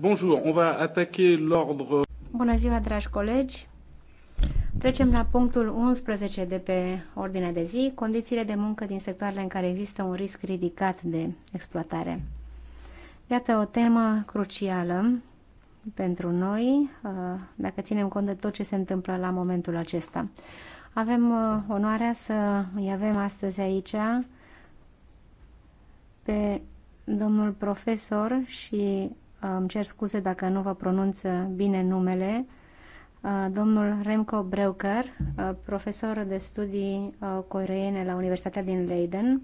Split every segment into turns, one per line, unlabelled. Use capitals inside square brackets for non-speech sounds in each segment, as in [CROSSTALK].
Bonjour, on va attaquer l'ordre.
Bună ziua, dragi colegi. Trecem la punctul 11 de pe ordinea de zi, condițiile de muncă din sectoarele în care există un risc ridicat de exploatare. Iată o temă crucială pentru noi, uh, dacă ținem cont de tot ce se întâmplă la momentul acesta. Avem uh, onoarea să îi avem astăzi aici pe domnul profesor și îmi cer scuze dacă nu vă pronunț bine numele, uh, domnul Remco Breuker, uh, profesor de studii uh, coreene la Universitatea din Leiden,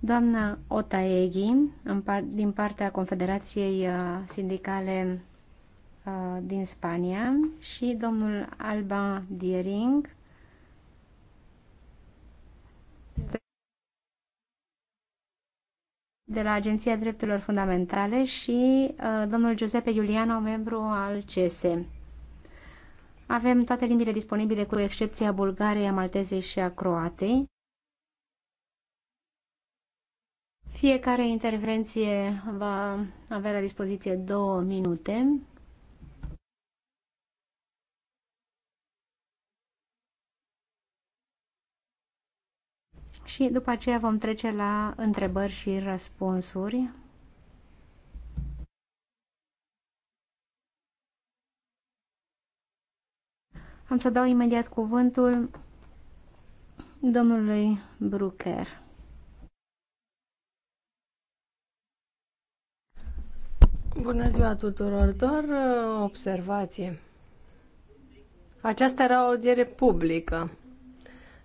doamna Otaegi, din partea Confederației Sindicale din Spania și domnul Alba Diering, de la Agenția Drepturilor Fundamentale și uh, domnul Giuseppe Giuliano, membru al CESE. Avem toate limbile disponibile cu excepția Bulgariei, a Maltezei și a Croatei. Fiecare intervenție va avea la dispoziție două minute și după aceea vom trece la întrebări și răspunsuri. Am să dau imediat cuvântul domnului
Brucker. Bună ziua tuturor! Doar o uh, observație. Aceasta era o audiere publică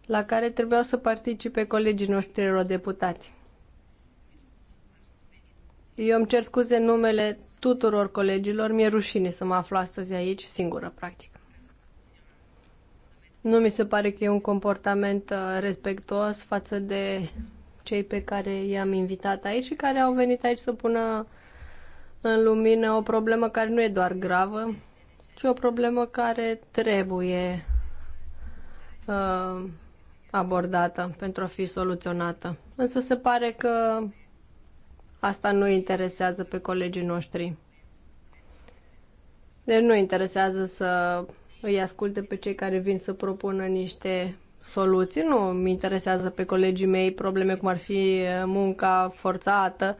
la care trebuiau să participe colegii noștri eurodeputați. Eu îmi cer scuze numele tuturor colegilor, mi-e rușine să mă aflu astăzi aici singură, practic. Nu mi se pare că e un comportament uh, respectuos față de cei pe care i-am invitat aici și care au venit aici să pună în lumină o problemă care nu e doar gravă, ci o problemă care trebuie uh, abordată pentru a fi soluționată. Însă se pare că asta nu interesează pe colegii noștri. Deci nu interesează să îi asculte pe cei care vin să propună niște soluții. Nu mi interesează pe colegii mei probleme cum ar fi munca forțată.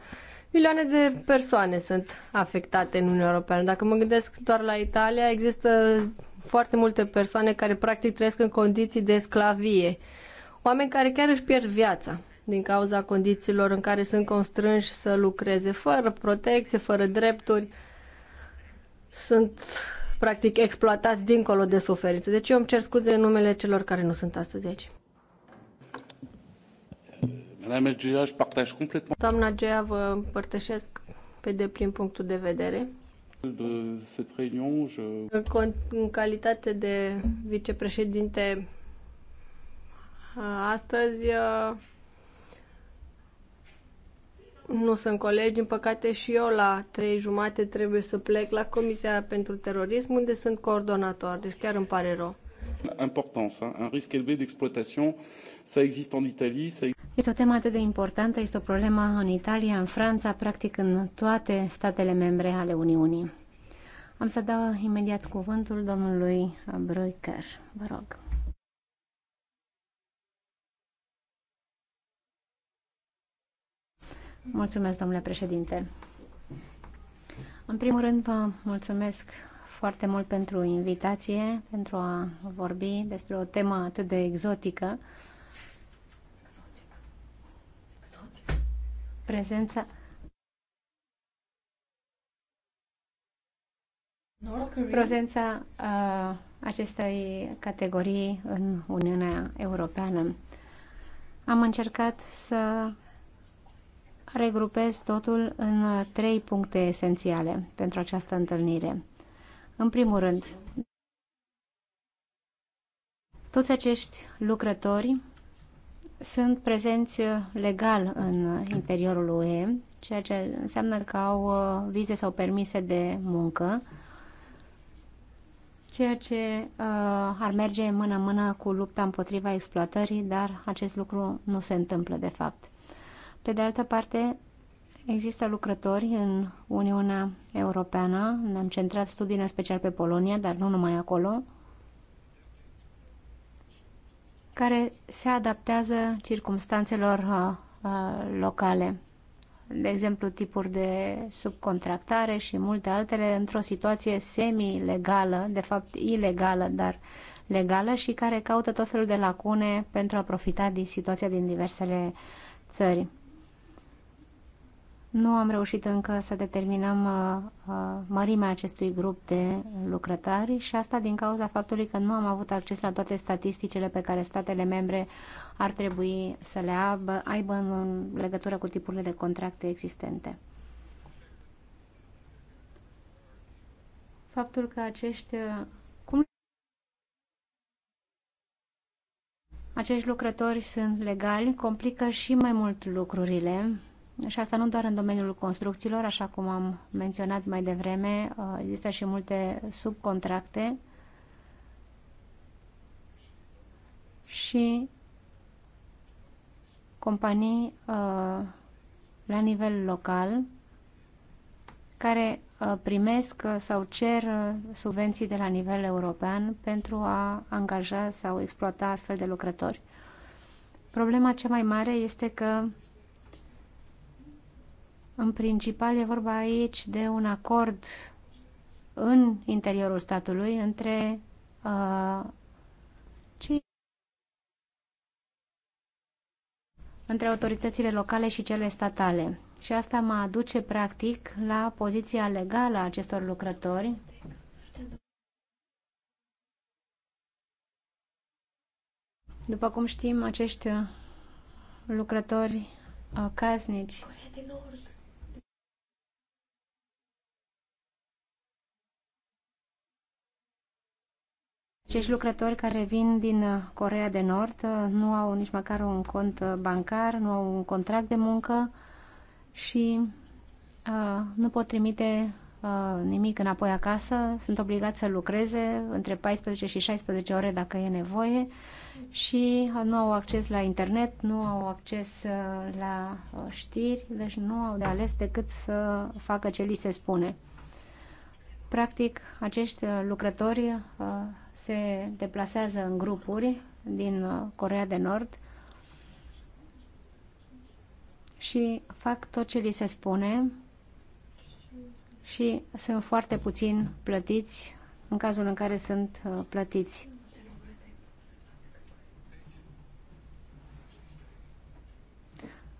Milioane de persoane sunt afectate în Uniunea Europeană. Dacă mă gândesc doar la Italia, există foarte multe persoane care practic trăiesc în condiții de sclavie Oameni care chiar își pierd viața din cauza condițiilor în care sunt constrânși să lucreze fără protecție, fără drepturi. Sunt practic exploatați dincolo de suferință. Deci eu îmi cer scuze în numele celor care nu sunt astăzi aici. Doamna Gea, vă împărtășesc pe deplin punctul de vedere.
De cette réunion, je...
în, în calitate de vicepreședinte Astăzi uh, nu sunt colegi, în păcate și eu la trei jumate trebuie să plec la Comisia pentru Terorism, unde sunt coordonator, deci chiar îmi pare rău.
Importanță, un risc de exploatare, ça existe în Italia. ça...
Este o temă atât de importantă, este o problemă în Italia, în Franța, practic în toate statele membre ale Uniunii. Am să dau imediat cuvântul domnului Bruiker. Vă rog. Mulțumesc, domnule președinte. În primul rând, vă mulțumesc foarte mult pentru invitație, pentru a vorbi despre o temă atât de exotică. Prezența.
Prezența
uh, acestei categorii în Uniunea Europeană. Am încercat să regrupez totul în trei puncte esențiale pentru această întâlnire. În primul rând, toți acești lucrători sunt prezenți legal în interiorul UE, ceea ce înseamnă că au uh, vize sau permise de muncă, ceea ce uh, ar merge mână-mână cu lupta împotriva exploatării, dar acest lucru nu se întâmplă de fapt. Pe de altă parte, există lucrători în Uniunea Europeană, ne-am centrat studii în special pe Polonia, dar nu numai acolo, care se adaptează circumstanțelor uh, uh, locale. De exemplu, tipuri de subcontractare și multe altele într-o situație semi-legală, de fapt ilegală, dar legală și care caută tot felul de lacune pentru a profita din situația din diversele țări. Nu am reușit încă să determinăm uh, uh mărimea acestui grup de lucrători și asta din cauza faptului că nu am avut acces la toate statisticile pe care statele membre ar trebui să le aibă, aibă în legătură cu tipurile de contracte existente. Faptul că acești uh, cum acești lucrători sunt legali complică și mai mult lucrurile și asta nu doar în domeniul construcțiilor, așa cum am menționat mai devreme, uh, există și multe subcontracte și companii uh, la nivel local care uh, primesc sau cer subvenții de la nivel european pentru a angaja sau exploata astfel de lucrători. Problema cea mai mare este că în principal e vorba aici de un acord în interiorul statului între uh, cei între autoritățile locale și cele statale. Și asta mă aduce practic la poziția legală a acestor lucrători. După cum știm, acești lucrători uh, casnici Acești lucrători care vin din uh, Corea de Nord uh, nu au nici măcar un cont uh, bancar, nu au un contract de muncă și uh, nu pot trimite uh, nimic înapoi acasă. Sunt obligați să lucreze între 14 și 16 ore dacă e nevoie și nu au acces la internet, nu au acces la știri, deci nu au de ales decât să facă ce li se spune. Practic, acești lucrători se deplasează în grupuri din uh, Corea de Nord și fac tot ce li se spune și sunt foarte puțin plătiți în cazul în care sunt uh, plătiți.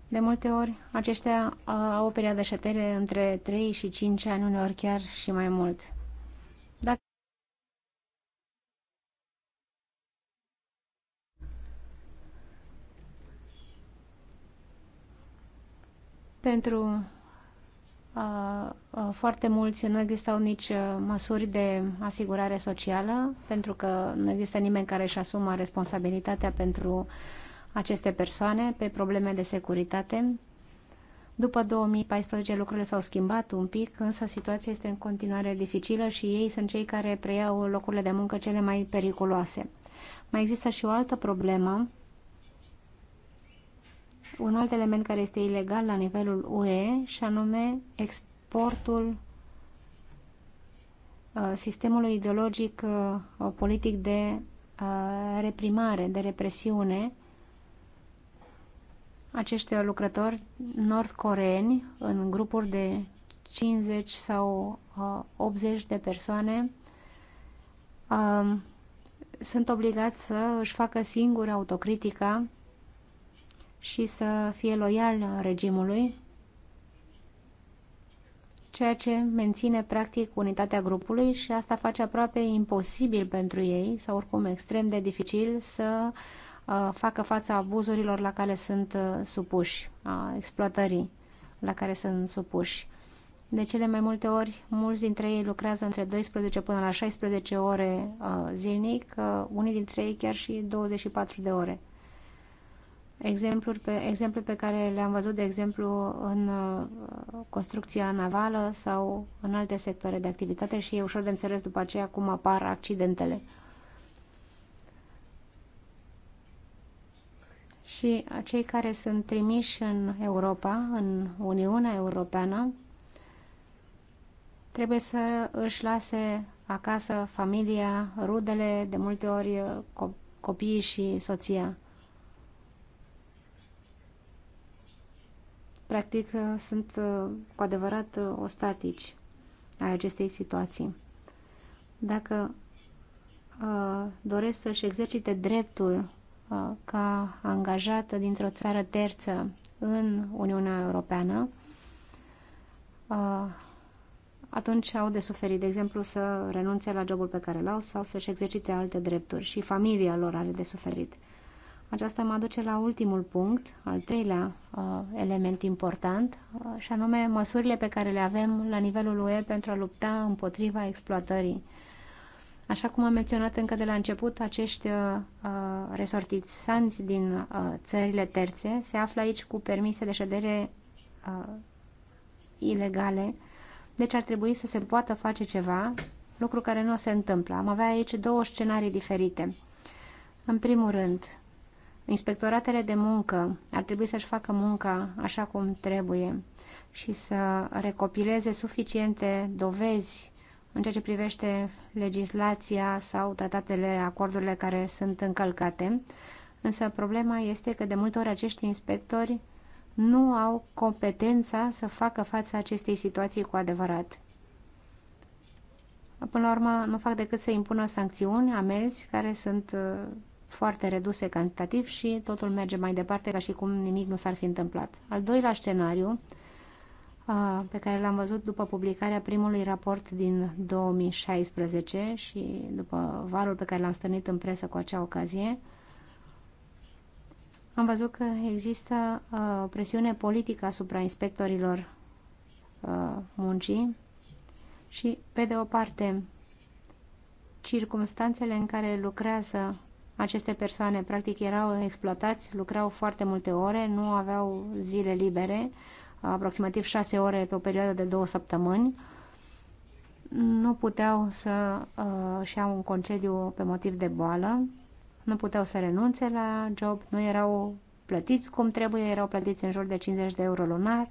De multe ori, aceștia uh, au o perioadă de șatere între 3 și 5 ani, uneori chiar și mai mult. Pentru foarte mulți nu existau nici măsuri de asigurare socială, pentru că nu există nimeni care își asuma responsabilitatea pentru aceste persoane pe probleme de securitate. După 2014 lucrurile s-au schimbat un pic, însă situația este în continuare dificilă și ei sunt cei care preiau locurile de muncă cele mai periculoase. Mai există și o altă problemă un alt element care este ilegal la nivelul UE și anume exportul uh, sistemului ideologic uh, politic de uh, reprimare, de represiune. Acești lucrători nordcoreeni în grupuri de 50 sau 80 de persoane um, sunt obligați să își facă singuri autocritica și să fie loial regimului, ceea ce menține practic unitatea grupului și asta face aproape imposibil pentru ei sau oricum extrem de dificil să uh, facă fața abuzurilor la care sunt uh, supuși, a exploatării la care sunt supuși. De cele mai multe ori, mulți dintre ei lucrează între 12 până la 16 ore uh, zilnic, unii dintre ei chiar și 24 de ore. Exempluri pe, exemplu pe care le-am văzut, de exemplu, în uh, construcția navală sau în alte sectoare de activitate și e ușor de înțeles după aceea cum apar accidentele. Și cei care sunt trimiși în Europa, în Uniunea Europeană, trebuie să își lase acasă familia, rudele, de multe ori uh, copiii și soția. practic uh, sunt uh, cu adevărat uh, ostatici ai acestei situații. Dacă doresc să-și exercite dreptul ca angajată dintr-o țară terță în Uniunea Europeană, atunci au de suferit, de exemplu, să renunțe la jobul pe care l-au sau să-și exercite alte drepturi și familia lor are de suferit. Aceasta mă aduce la ultimul punct, al treilea uh, element important, uh, și anume măsurile pe care le avem la nivelul UE pentru a lupta împotriva exploatării. Așa cum am menționat încă de la început, acești uh, uh resortisanți din uh, țările terțe se află aici cu permise de ședere uh, ilegale, deci ar trebui să se poată face ceva, lucru care nu se întâmplă. Am avea aici două scenarii diferite. În primul rând, Inspectoratele de muncă ar trebui să-și facă munca așa cum trebuie și să recopileze suficiente dovezi în ceea ce privește legislația sau tratatele, acordurile care sunt încălcate. Însă problema este că de multe ori acești inspectori nu au competența să facă față acestei situații cu adevărat. Până la urmă, nu fac decât să impună sancțiuni, amezi, care sunt uh, foarte reduse cantitativ și totul merge mai departe ca și cum nimic nu s-ar fi întâmplat. Al doilea scenariu, pe care l-am văzut după publicarea primului raport din 2016 și după varul pe care l-am stănit în presă cu acea ocazie, am văzut că există o presiune politică asupra inspectorilor muncii și, pe de o parte, circumstanțele în care lucrează aceste persoane, practic, erau exploatați, lucrau foarte multe ore, nu aveau zile libere, aproximativ șase ore pe o perioadă de două săptămâni. Nu puteau să uh, iau un concediu pe motiv de boală, nu puteau să renunțe la job, nu erau plătiți cum trebuie, erau plătiți în jur de 50 de euro lunar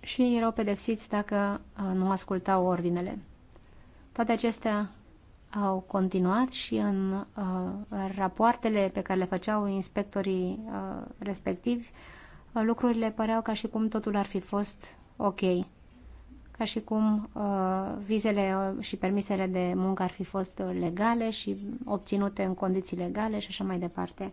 și erau pedepsiți dacă uh, nu ascultau ordinele. Toate acestea au continuat și în uh, rapoartele pe care le făceau inspectorii uh, respectivi, uh, lucrurile păreau ca și cum totul ar fi fost ok, ca și cum uh, vizele uh, și permisele de muncă ar fi fost uh, legale și obținute în condiții legale și așa mai departe.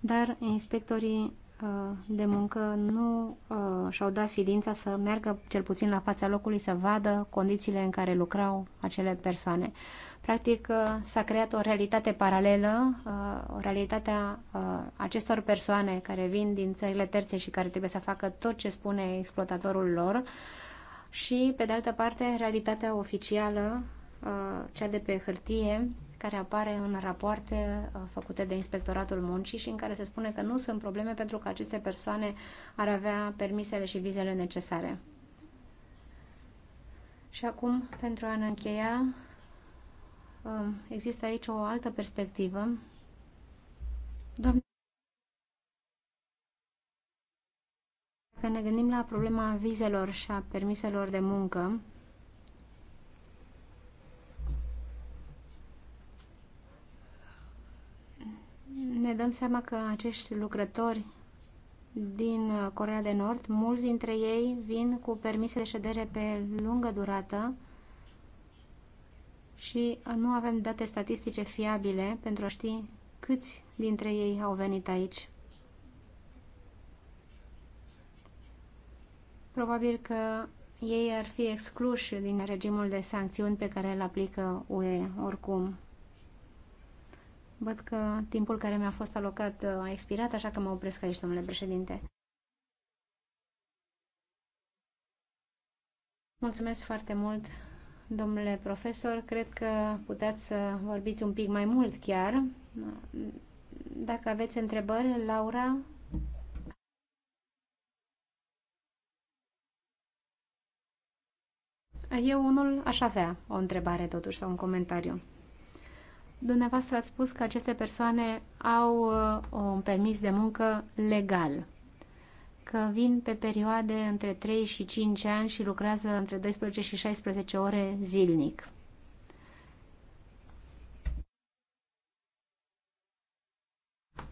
Dar inspectorii Uh, de muncă nu uh, și-au dat silința să meargă cel puțin la fața locului să vadă condițiile în care lucrau acele persoane. Practic uh, s-a creat o realitate paralelă, realitatea acestor persoane care vin din țările terțe și care trebuie să facă tot ce spune exploatatorul lor și, pe de altă parte, realitatea oficială, cea de pe hârtie, care apare în rapoarte uh, făcute de Inspectoratul Muncii și în care se spune că nu sunt probleme pentru că aceste persoane ar avea permisele și vizele necesare. Și acum, pentru a ne încheia, um, există aici o altă perspectivă. Doamne, dacă ne gândim la problema vizelor și a permiselor de muncă, ne dăm seama că acești lucrători din Corea de Nord, mulți dintre ei vin cu permise de ședere pe lungă durată și nu avem date statistice fiabile pentru a ști câți dintre ei au venit aici. Probabil că ei ar fi excluși din regimul de sancțiuni pe care îl aplică UE oricum. Văd că timpul care mi-a fost alocat uh, a expirat, așa că mă opresc aici, domnule președinte. Mulțumesc foarte mult, domnule profesor. Cred că puteți să vorbiți un pic mai mult chiar. Dacă aveți întrebări, Laura, Eu unul aș avea o întrebare totuși sau un comentariu. Dumneavoastră ați spus că aceste persoane au uh, un permis de muncă legal, că vin pe perioade între 3 și 5 ani și lucrează între 12 și 16 ore zilnic.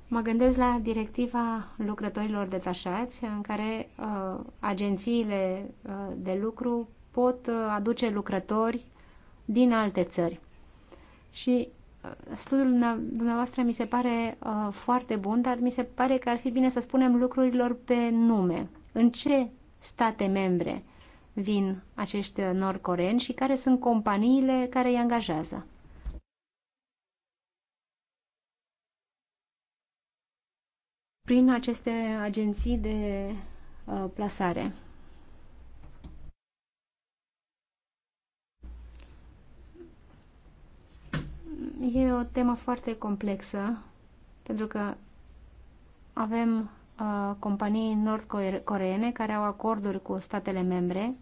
Mă gândesc la directiva lucrătorilor detașați, în care uh, agențiile uh, de lucru pot uh, aduce lucrători din alte țări. Și studiul dumneavoastră mi se pare uh, foarte bun, dar mi se pare că ar fi bine să spunem lucrurilor pe nume. În ce state membre vin acești nordcoreeni și care sunt companiile care îi angajează? Prin aceste agenții de uh, plasare. E o temă foarte complexă, pentru că avem uh, companii nord-coreene care au acorduri cu statele membre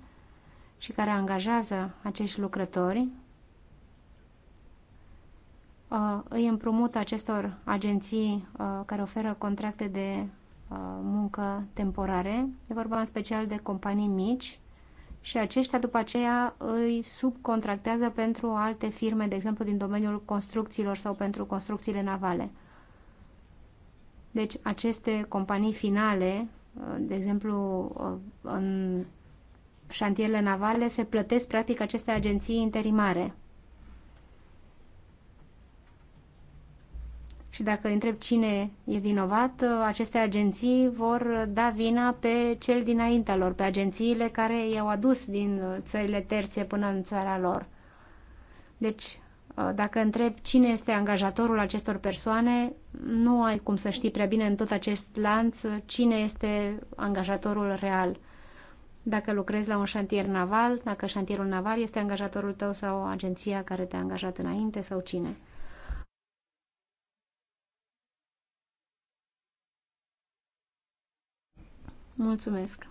și care angajează acești lucrători, uh, îi împrumut acestor agenții uh, care oferă contracte de uh, muncă temporare. E vorba în special de companii mici și aceștia după aceea îi subcontractează pentru alte firme, de exemplu din domeniul construcțiilor sau pentru construcțiile navale. Deci aceste companii finale, de exemplu în șantierele navale, se plătesc practic aceste agenții interimare. Și dacă întreb cine e vinovat, aceste agenții vor da vina pe cel dinaintea lor, pe agențiile care i-au adus din țările terțe până în țara lor. Deci, dacă întreb cine este angajatorul acestor persoane, nu ai cum să știi prea bine în tot acest lanț cine este angajatorul real. Dacă lucrezi la un șantier naval, dacă șantierul naval este angajatorul tău sau agenția care te-a angajat înainte sau cine. Mulțumesc.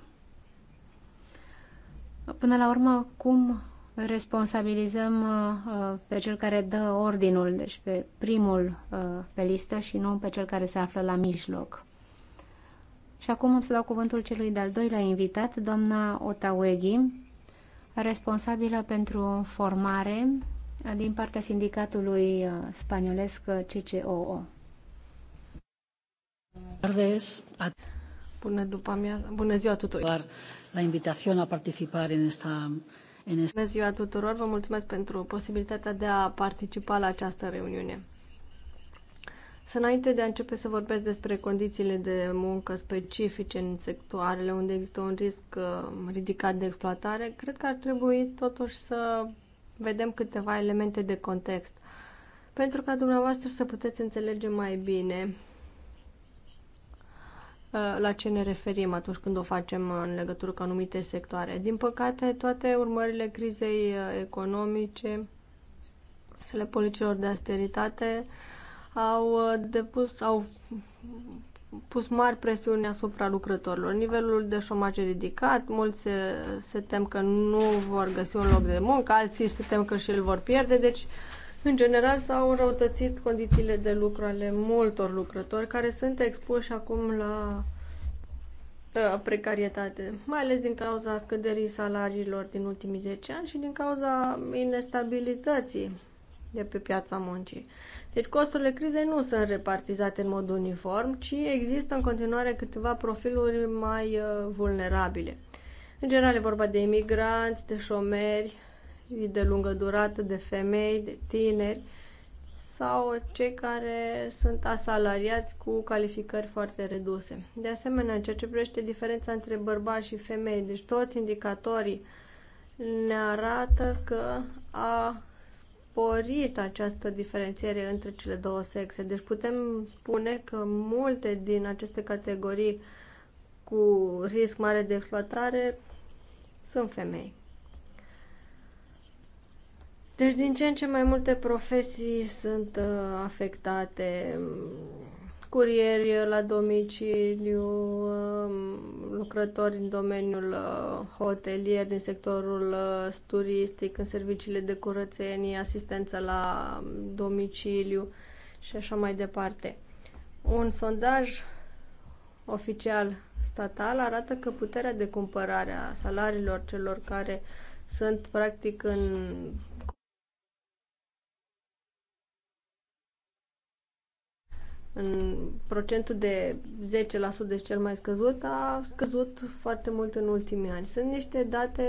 Până la urmă, cum responsabilizăm uh, pe cel care dă ordinul, deci pe primul uh, pe listă și nu pe cel care se află la mijloc? Și acum am să dau cuvântul celui de-al doilea invitat, doamna Otaweghi, responsabilă pentru formare uh, din partea sindicatului spaniolesc CCOO.
Bună, după amiază. Bună ziua tuturor! La invitație la participare în esta în esta... Bună ziua tuturor! Vă mulțumesc pentru posibilitatea de a participa la această reuniune. Să înainte de a începe să vorbesc despre condițiile de muncă specifice în sectoarele unde există un risc uh, ridicat de exploatare, cred că ar trebui totuși să vedem câteva elemente de context. Pentru ca dumneavoastră să puteți înțelege mai bine Uh, la ce ne referim atunci când o facem în legătură cu anumite sectoare. Din păcate, toate urmările crizei uh, economice și ale politicilor de austeritate au uh, depus, au pus mari presiuni asupra lucrătorilor. Nivelul de șomaj e ridicat, mulți se, se tem că nu vor găsi un loc de muncă, alții se tem că și îl vor pierde, deci uh, în general s-au înrăutățit condițiile de lucru ale multor lucrători care sunt expuși acum la precarietate, mai ales din cauza scăderii salariilor din ultimii 10 ani și din cauza inestabilității de pe piața muncii. Deci costurile crizei nu sunt repartizate în mod uniform, ci există în continuare câteva profiluri mai uh, vulnerabile. În general e vorba de imigranți, de șomeri, de lungă durată, de femei, de tineri sau cei care sunt asalariați cu calificări foarte reduse. De asemenea, în ceea ce privește diferența între bărbați și femei, deci toți indicatorii ne arată că a sporit această diferențiere între cele două sexe. Deci putem spune că multe din aceste categorii cu risc mare de exploatare sunt femei. Deci din ce în ce mai multe profesii sunt uh, afectate, curieri la domiciliu, um, lucrători în domeniul uh, hotelier, din sectorul uh, turistic, în serviciile de curățenie, asistență la um, domiciliu și așa mai departe. Un sondaj oficial statal arată că puterea de cumpărare a salariilor celor care sunt practic în în procentul de 10% deci cel mai scăzut, a scăzut foarte mult în ultimii ani. Sunt niște date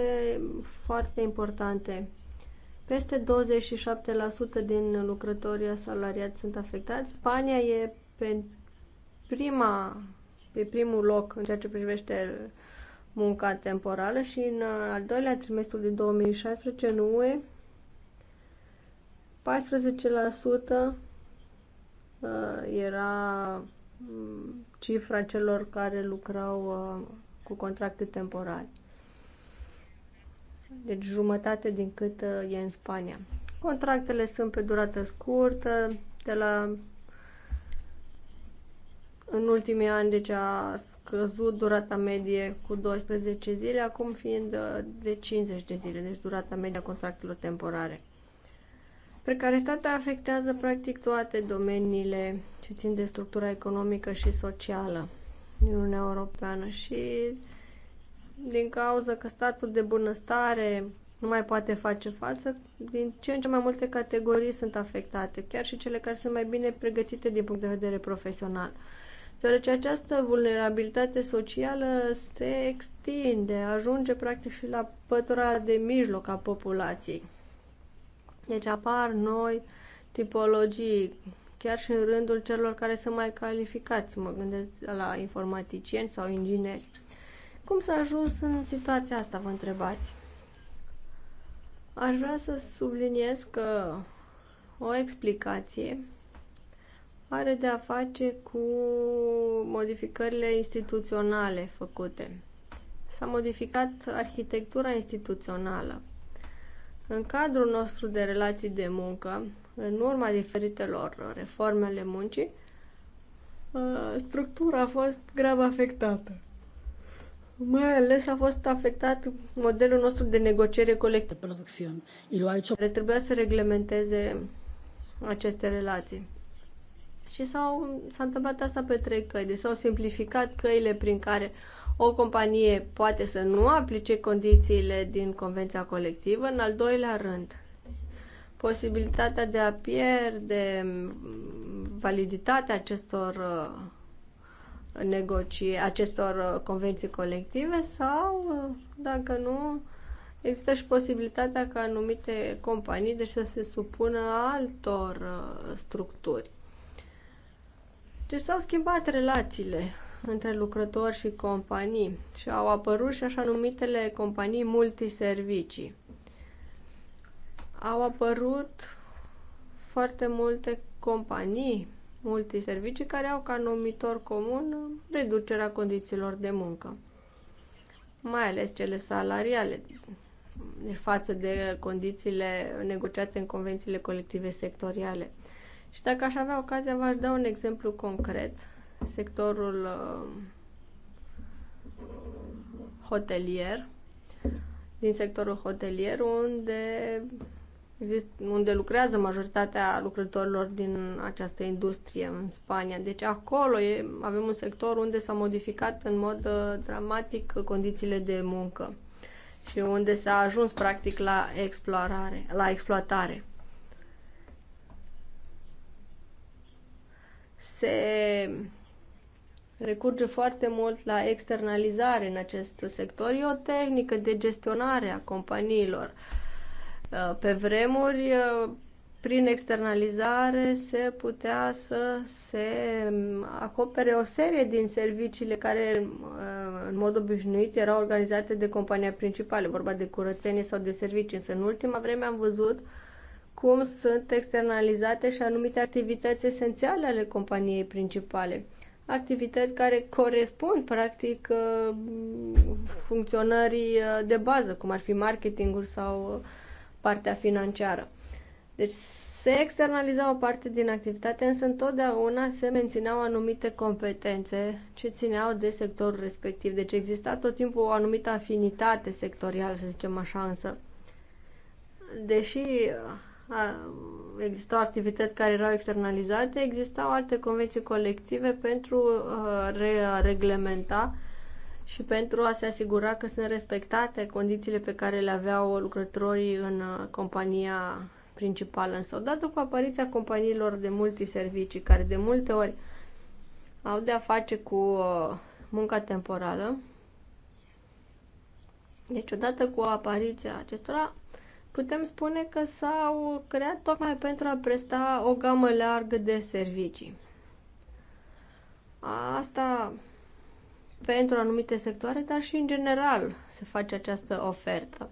foarte importante. Peste 27% din lucrătorii asalariați sunt afectați. Spania e pe, prima, pe primul loc în ceea ce privește munca temporală și în al doilea trimestru de 2016 în UE Uh, era mm, cifra celor care lucrau uh, cu contracte temporare. Deci jumătate din cât uh, e în Spania. Contractele sunt pe durată scurtă, de la în ultimii ani deci a scăzut durata medie cu 12 zile, acum fiind de 50 de zile, deci durata medie a contractelor temporare. Precaritatea afectează practic toate domeniile ce țin de structura economică și socială din Uniunea Europeană și din cauza că statul de bunăstare nu mai poate face față, din ce în ce mai multe categorii sunt afectate, chiar și cele care sunt mai bine pregătite din punct de vedere profesional. Deoarece această vulnerabilitate socială se extinde, ajunge practic și la pătura de mijloc a populației. Deci apar noi tipologii, chiar și în rândul celor care sunt mai calificați, mă gândesc la informaticieni sau ingineri. Cum s-a ajuns în situația asta, vă întrebați? Aș vrea să subliniez că o explicație are de a face cu modificările instituționale făcute. S-a modificat arhitectura instituțională. În cadrul nostru de relații de muncă, în urma diferitelor reformele muncii, ă, structura a fost grav afectată. Mai ales a fost afectat modelul nostru de negociere colectivă. Care trebuia să reglementeze aceste relații. Și s s-a întâmplat asta pe trei căi. Deci s-au simplificat căile prin care uh, o companie poate să nu aplice condițiile din convenția colectivă. În al doilea rând, posibilitatea de a pierde validitatea acestor uh, negocii, acestor uh, convenții colective sau, uh, dacă nu, există și posibilitatea ca anumite companii deci să se supună altor structuri. Deci s-au schimbat relațiile între lucrători și companii și au apărut și așa numitele companii multiservicii. Au apărut foarte multe companii multiservicii care au ca numitor comun reducerea condițiilor de muncă, mai ales cele salariale, față de condițiile negociate în convențiile colective sectoriale. Și dacă aș avea ocazia, v-aș da un exemplu concret sectorul uh, hotelier, din sectorul hotelier, unde, exist, unde lucrează majoritatea lucrătorilor din această industrie în Spania. Deci acolo e, avem un sector unde s-a modificat în mod uh, dramatic condițiile de muncă și unde s-a ajuns practic la explorare, la exploatare. Se recurge foarte mult la externalizare în acest sector. E o tehnică de gestionare a companiilor. Uh, pe vremuri, uh, prin externalizare se putea să se um, acopere o serie din serviciile care uh, în mod obișnuit erau organizate de compania principală, vorba de curățenie sau de servicii, însă în ultima vreme am văzut cum sunt externalizate și anumite activități esențiale ale companiei principale activități care corespund practic uh, funcționării uh, de bază, cum ar fi marketingul sau uh, partea financiară. Deci se externaliza o parte din activitate, însă întotdeauna se mențineau anumite competențe ce țineau de sectorul respectiv. Deci exista tot timpul o anumită afinitate sectorială, să zicem așa, însă deși existau activități care erau externalizate, existau alte convenții colective pentru uh, a reglementa și pentru a se asigura că sunt respectate condițiile pe care le aveau lucrătorii în uh, compania principală. Însă, odată cu apariția companiilor de multiservicii, care de multe ori au de a face cu uh, munca temporală, deci odată cu apariția acestora, putem spune că s-au creat tocmai pentru a presta o gamă largă de servicii. Asta pentru anumite sectoare, dar și în general se face această ofertă.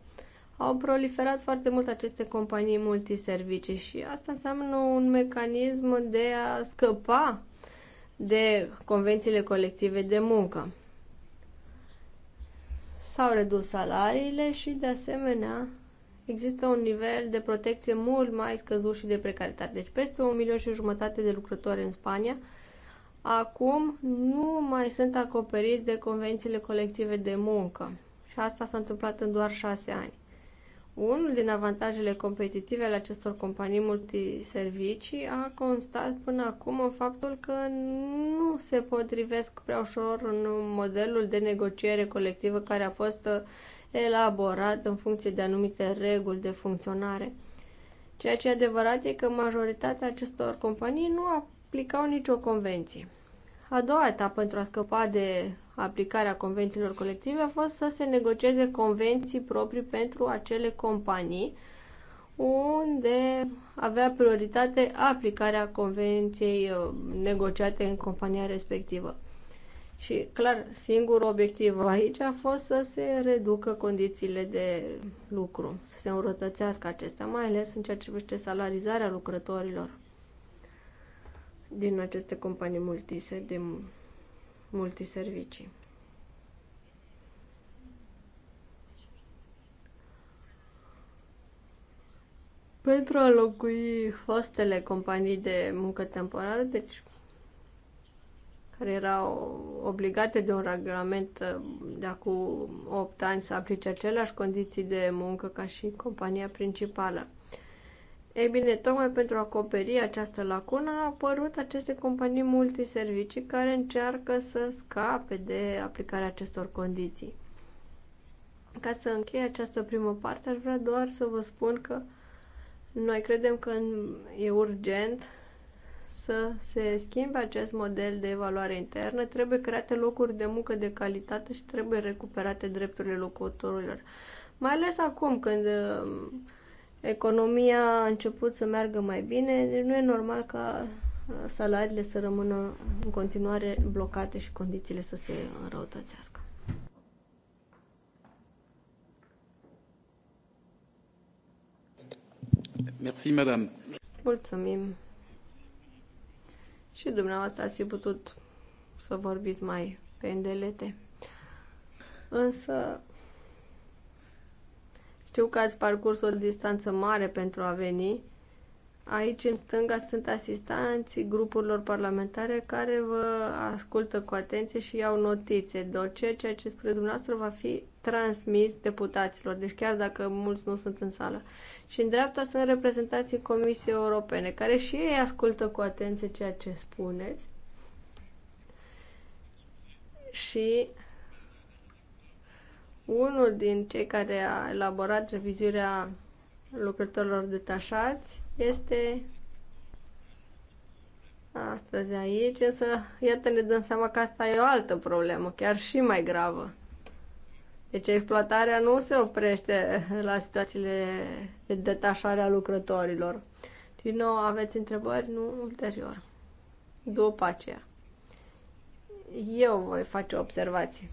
Au proliferat foarte mult aceste companii multiservicii și asta înseamnă un mecanism de a scăpa de convențiile colective de muncă. S-au redus salariile și, de asemenea, există un nivel de protecție mult mai scăzut și de precaritate. Deci peste un milion și jumătate de lucrători în Spania acum nu mai sunt acoperiți de convențiile colective de muncă. Și asta s-a întâmplat în doar șase ani. Unul din avantajele competitive ale acestor companii multiservicii a constat până acum în faptul că nu se potrivesc prea ușor în modelul de negociere colectivă care a fost uh, elaborat în funcție de anumite reguli de funcționare. Ceea ce e adevărat e că majoritatea acestor companii nu aplicau nicio convenție. A doua etapă pentru a scăpa de aplicarea convențiilor colective a fost să se negocieze convenții proprii pentru acele companii unde avea prioritate aplicarea convenției uh, negociate în compania respectivă. Și, clar, singurul obiectiv aici a fost să se reducă condițiile de lucru, să se înrătățească acestea, mai ales în ceea ce privește salarizarea lucrătorilor din aceste companii multise de multiservicii. Pentru a locui fostele companii de muncă temporară, deci care erau obligate de un regulament uh, de acum 8 ani să aplice aceleași condiții de muncă ca și compania principală. Ei bine, tocmai pentru a acoperi această lacună au apărut aceste companii multiservicii care încearcă să scape de aplicarea acestor condiții. Ca să închei această primă parte, aș vrea doar să vă spun că noi credem că e urgent să se schimbe acest model de evaluare internă, trebuie create locuri de muncă de calitate și trebuie recuperate drepturile locuitorilor. Mai ales acum când um, economia a început să meargă mai bine, deci nu e normal ca uh, salariile să rămână în continuare blocate și condițiile să se înrăutățească. madame. Mulțumim. Și dumneavoastră ați fi putut să vorbiți mai pe îndelete. Însă știu că ați parcurs o distanță mare pentru a veni. Aici, în stânga, sunt asistanții grupurilor parlamentare care vă ascultă cu atenție și iau notițe, deoarece ceea ce spre dumneavoastră va fi transmis deputaților, deci chiar dacă mulți nu sunt în sală. Și în dreapta sunt reprezentații Comisiei Europene, care și ei ascultă cu atenție ceea ce spuneți. Și unul din cei care a elaborat revizuirea lucrătorilor detașați este astăzi aici, însă iată ne dăm seama că asta e o altă problemă, chiar și mai gravă. Deci exploatarea nu se oprește la situațiile de detașare a lucrătorilor. Din nou, aveți întrebări? Nu, ulterior. După aceea. Eu voi face observații.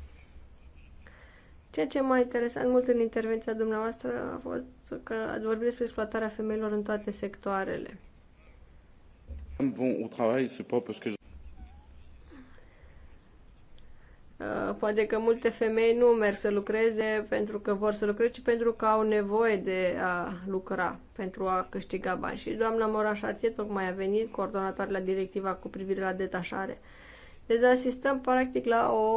Ceea ce m-a interesat mult în intervenția dumneavoastră a fost că ați vorbit despre exploatarea femeilor în toate sectoarele.
Bun, au travail, c'est pas parce que
Uh, poate că multe femei nu merg să lucreze pentru că vor să lucreze, ci pentru că au nevoie de a lucra, pentru a câștiga bani. Și doamna Moraș Artie tocmai a venit coordonatoare la directiva cu privire la detașare. Deci asistăm practic la o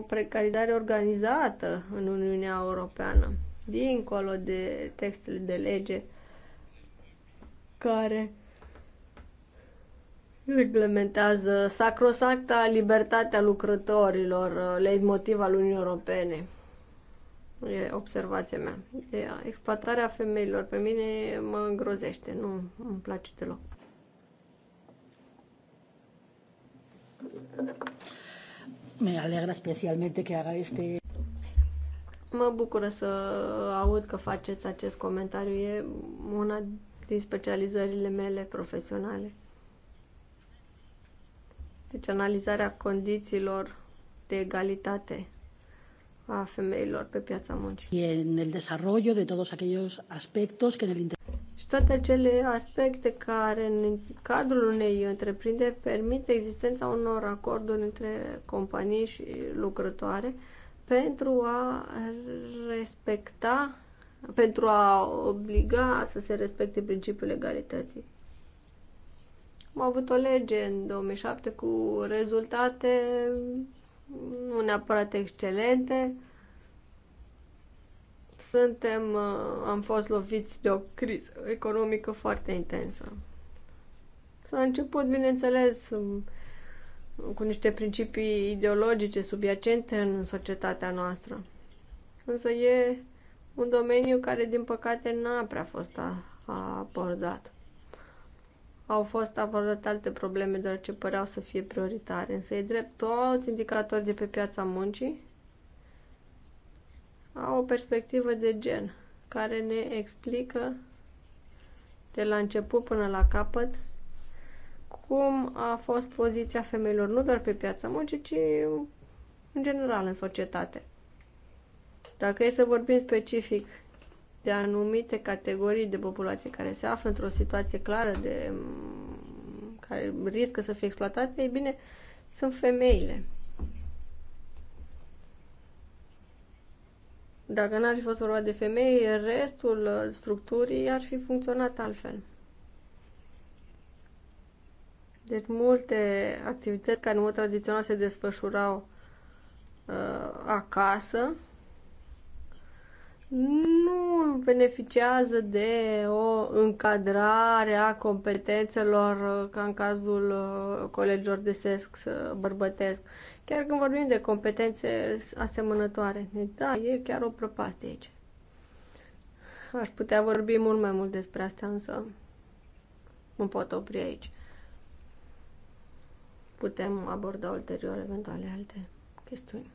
precarizare organizată în Uniunea Europeană, dincolo de textele de lege care reglementează sacrosacta libertatea lucrătorilor, uh, leitmotiv al Uniunii Europene. E observația mea. E, exploatarea femeilor pe mine mă îngrozește, nu îmi place deloc. Me alegra specialmente că haga este... Mă bucură să aud că faceți acest comentariu. E una din specializările mele profesionale. Deci analizarea condițiilor de egalitate a femeilor pe piața muncii. Y en el desarrollo de todos aquellos aspectos que en el inter... Și toate acele aspecte care în cadrul unei întreprinderi permit existența unor acorduri între companii și lucrătoare pentru a respecta, pentru a obliga să se respecte principiul egalității. Am avut o lege în 2007 cu rezultate nu neapărat excelente. Suntem, uh, am fost loviți de o criză economică foarte intensă. S-a început, bineînțeles, um, cu niște principii ideologice subiacente în societatea noastră. Însă e un domeniu care, din păcate, n-a prea fost abordat au fost abordate alte probleme, deoarece păreau să fie prioritare. Însă e drept, toți indicatorii de pe piața muncii au o perspectivă de gen care ne explică de la început până la capăt cum a fost poziția femeilor nu doar pe piața muncii, ci în general în societate. Dacă e să vorbim specific de anumite categorii de populație care se află într-o situație clară de mm, care riscă să fie exploatate, ei bine, sunt femeile. Dacă n-ar fi fost vorba de femei, restul uh, structurii ar fi funcționat altfel. Deci multe activități care în mod tradițional se desfășurau uh, acasă, nu beneficiază de o încadrare a competențelor uh, ca în cazul uh, colegilor de sex bărbătesc. Chiar când vorbim de competențe asemănătoare. Da, e chiar o prăpastie aici. Aș putea vorbi mult mai mult despre asta, însă mă pot opri aici. Putem aborda ulterior eventuale alte chestiuni.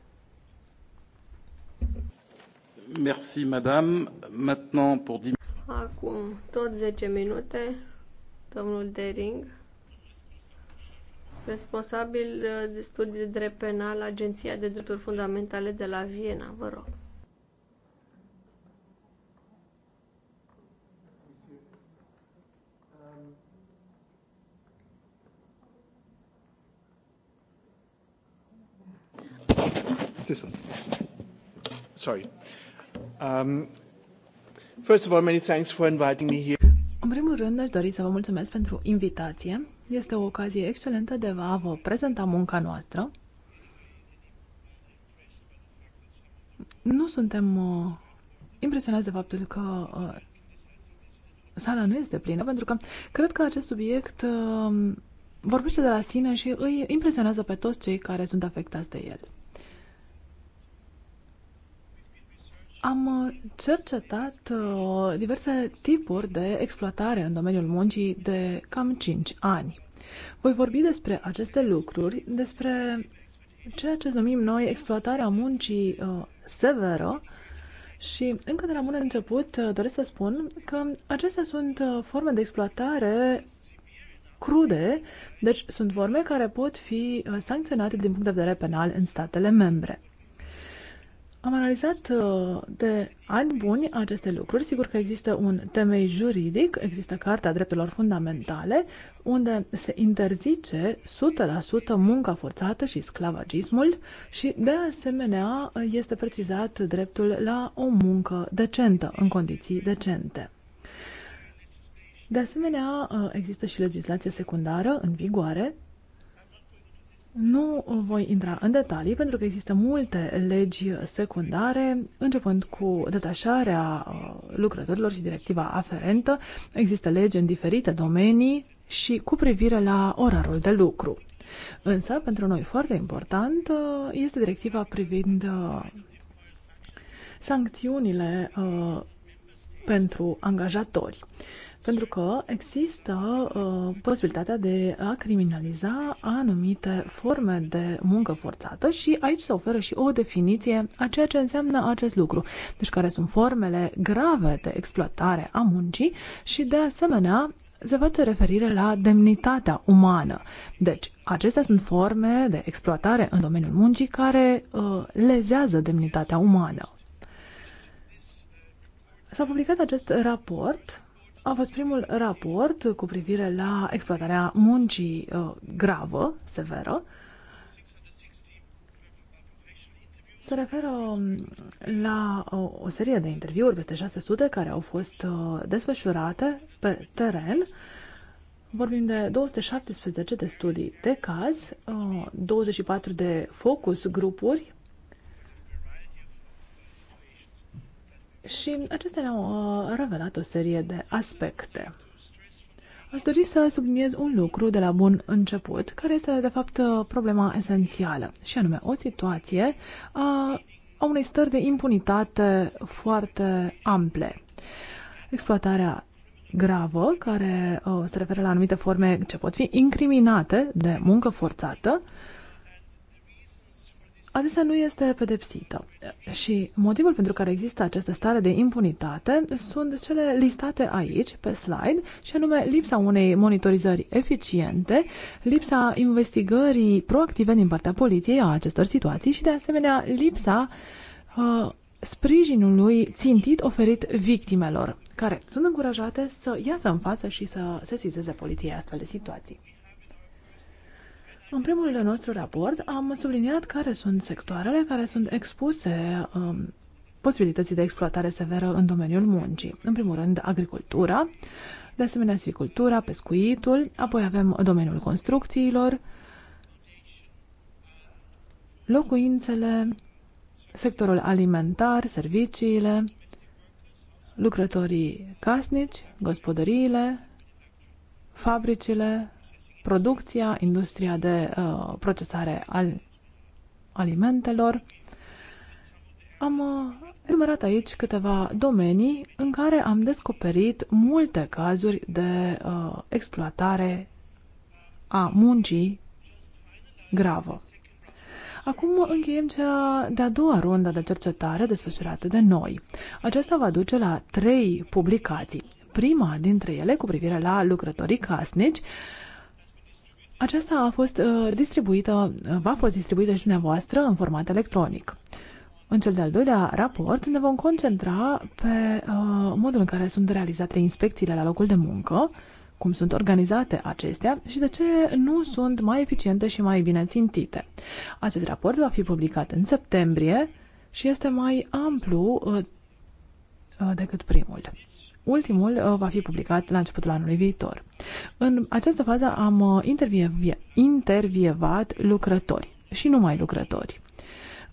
Merci, madame. Maintenant, pour 10...
Acum, tot 10 minute, domnul Dering, responsabil uh, de studii de drept penal, Agenția de Drepturi Fundamentale de la Viena. Vă rog.
Sorry. Um, first of all, many thanks for inviting me here.
În primul rând, aș dori să vă mulțumesc pentru invitație. Este o ocazie excelentă de a vă prezenta munca noastră. Nu suntem uh, impresionați de faptul că uh, sala nu este plină, pentru că cred că acest subiect uh, vorbește de la sine și îi impresionează pe toți cei care sunt afectați de el. Am uh, cercetat uh, diverse tipuri de exploatare în domeniul muncii de cam 5 ani. Voi vorbi despre aceste lucruri, despre ceea ce numim noi exploatarea muncii uh, severă și încă de la bun început doresc să spun că acestea sunt forme de exploatare crude, deci sunt forme care pot fi sancționate din punct de vedere penal în statele membre. Am analizat uh, de ani buni aceste lucruri. Sigur că există un temei juridic, există Carta Drepturilor Fundamentale, unde se interzice 100% munca forțată și sclavagismul și, de asemenea, este precizat dreptul la o muncă decentă, în condiții decente. De asemenea, uh, există și legislație secundară în vigoare nu voi intra în detalii pentru că există multe legi secundare, începând cu detașarea uh, lucrătorilor și directiva aferentă. Există legi în diferite domenii și cu privire la orarul de lucru. Însă, pentru noi foarte important uh, este directiva privind uh, sancțiunile pentru angajatori. Pentru că există uh, posibilitatea de a criminaliza anumite forme de muncă forțată și aici se oferă și o definiție a ceea ce înseamnă acest lucru. Deci care sunt formele grave de exploatare a muncii și de asemenea se face referire la demnitatea umană. Deci, acestea sunt forme de exploatare în domeniul muncii care uh, lezează demnitatea umană. S-a publicat acest raport a fost primul raport cu privire la exploatarea muncii uh, gravă, severă. Se referă um, la uh, o serie de interviuri, peste 600, care au fost uh, desfășurate pe teren. Vorbim de 217 de studii de caz, 24 de focus grupuri și acestea ne-au uh, revelat o serie de aspecte. Aș dori să subliniez un lucru de la bun început, care este de fapt uh, problema esențială, și anume o situație a, a unei stări de impunitate foarte ample. Exploatarea gravă, care uh, se referă la anumite forme ce pot fi incriminate de muncă forțată, uh, adesea nu este pedepsită. Și motivul pentru care există această stare de impunitate sunt cele listate aici, pe slide, și anume lipsa unei monitorizări eficiente, lipsa investigării proactive din partea poliției a acestor situații și, de asemenea, lipsa uh, sprijinului țintit oferit victimelor, care sunt încurajate să iasă în față și să sesizeze poliției astfel de situații. În primul nostru raport am subliniat care sunt sectoarele care sunt expuse um, posibilității de exploatare severă în domeniul muncii. În primul rând, agricultura, de asemenea, silvicultura, pescuitul, apoi avem domeniul construcțiilor, locuințele, sectorul alimentar, serviciile, lucrătorii casnici, gospodăriile, fabricile, producția, industria de uh, procesare al alimentelor. Am uh, enumerat aici câteva domenii în care am descoperit multe cazuri de uh, exploatare a muncii gravă. Acum încheiem cea de-a doua rundă de cercetare desfășurată de noi. Aceasta va duce la trei publicații. Prima dintre ele, cu privire la lucrătorii casnici, aceasta a fost uh, distribuită, uh, va fost distribuită și dumneavoastră în format electronic. În cel de-al doilea raport ne vom concentra pe uh, modul în care sunt realizate inspecțiile la locul de muncă, cum sunt organizate acestea și de ce nu sunt mai eficiente și mai bine țintite. Acest raport va fi publicat în septembrie și este mai amplu uh, uh decât primul. Ultimul uh, va fi publicat la începutul anului viitor. În această fază am uh, intervievat lucrători și numai lucrători.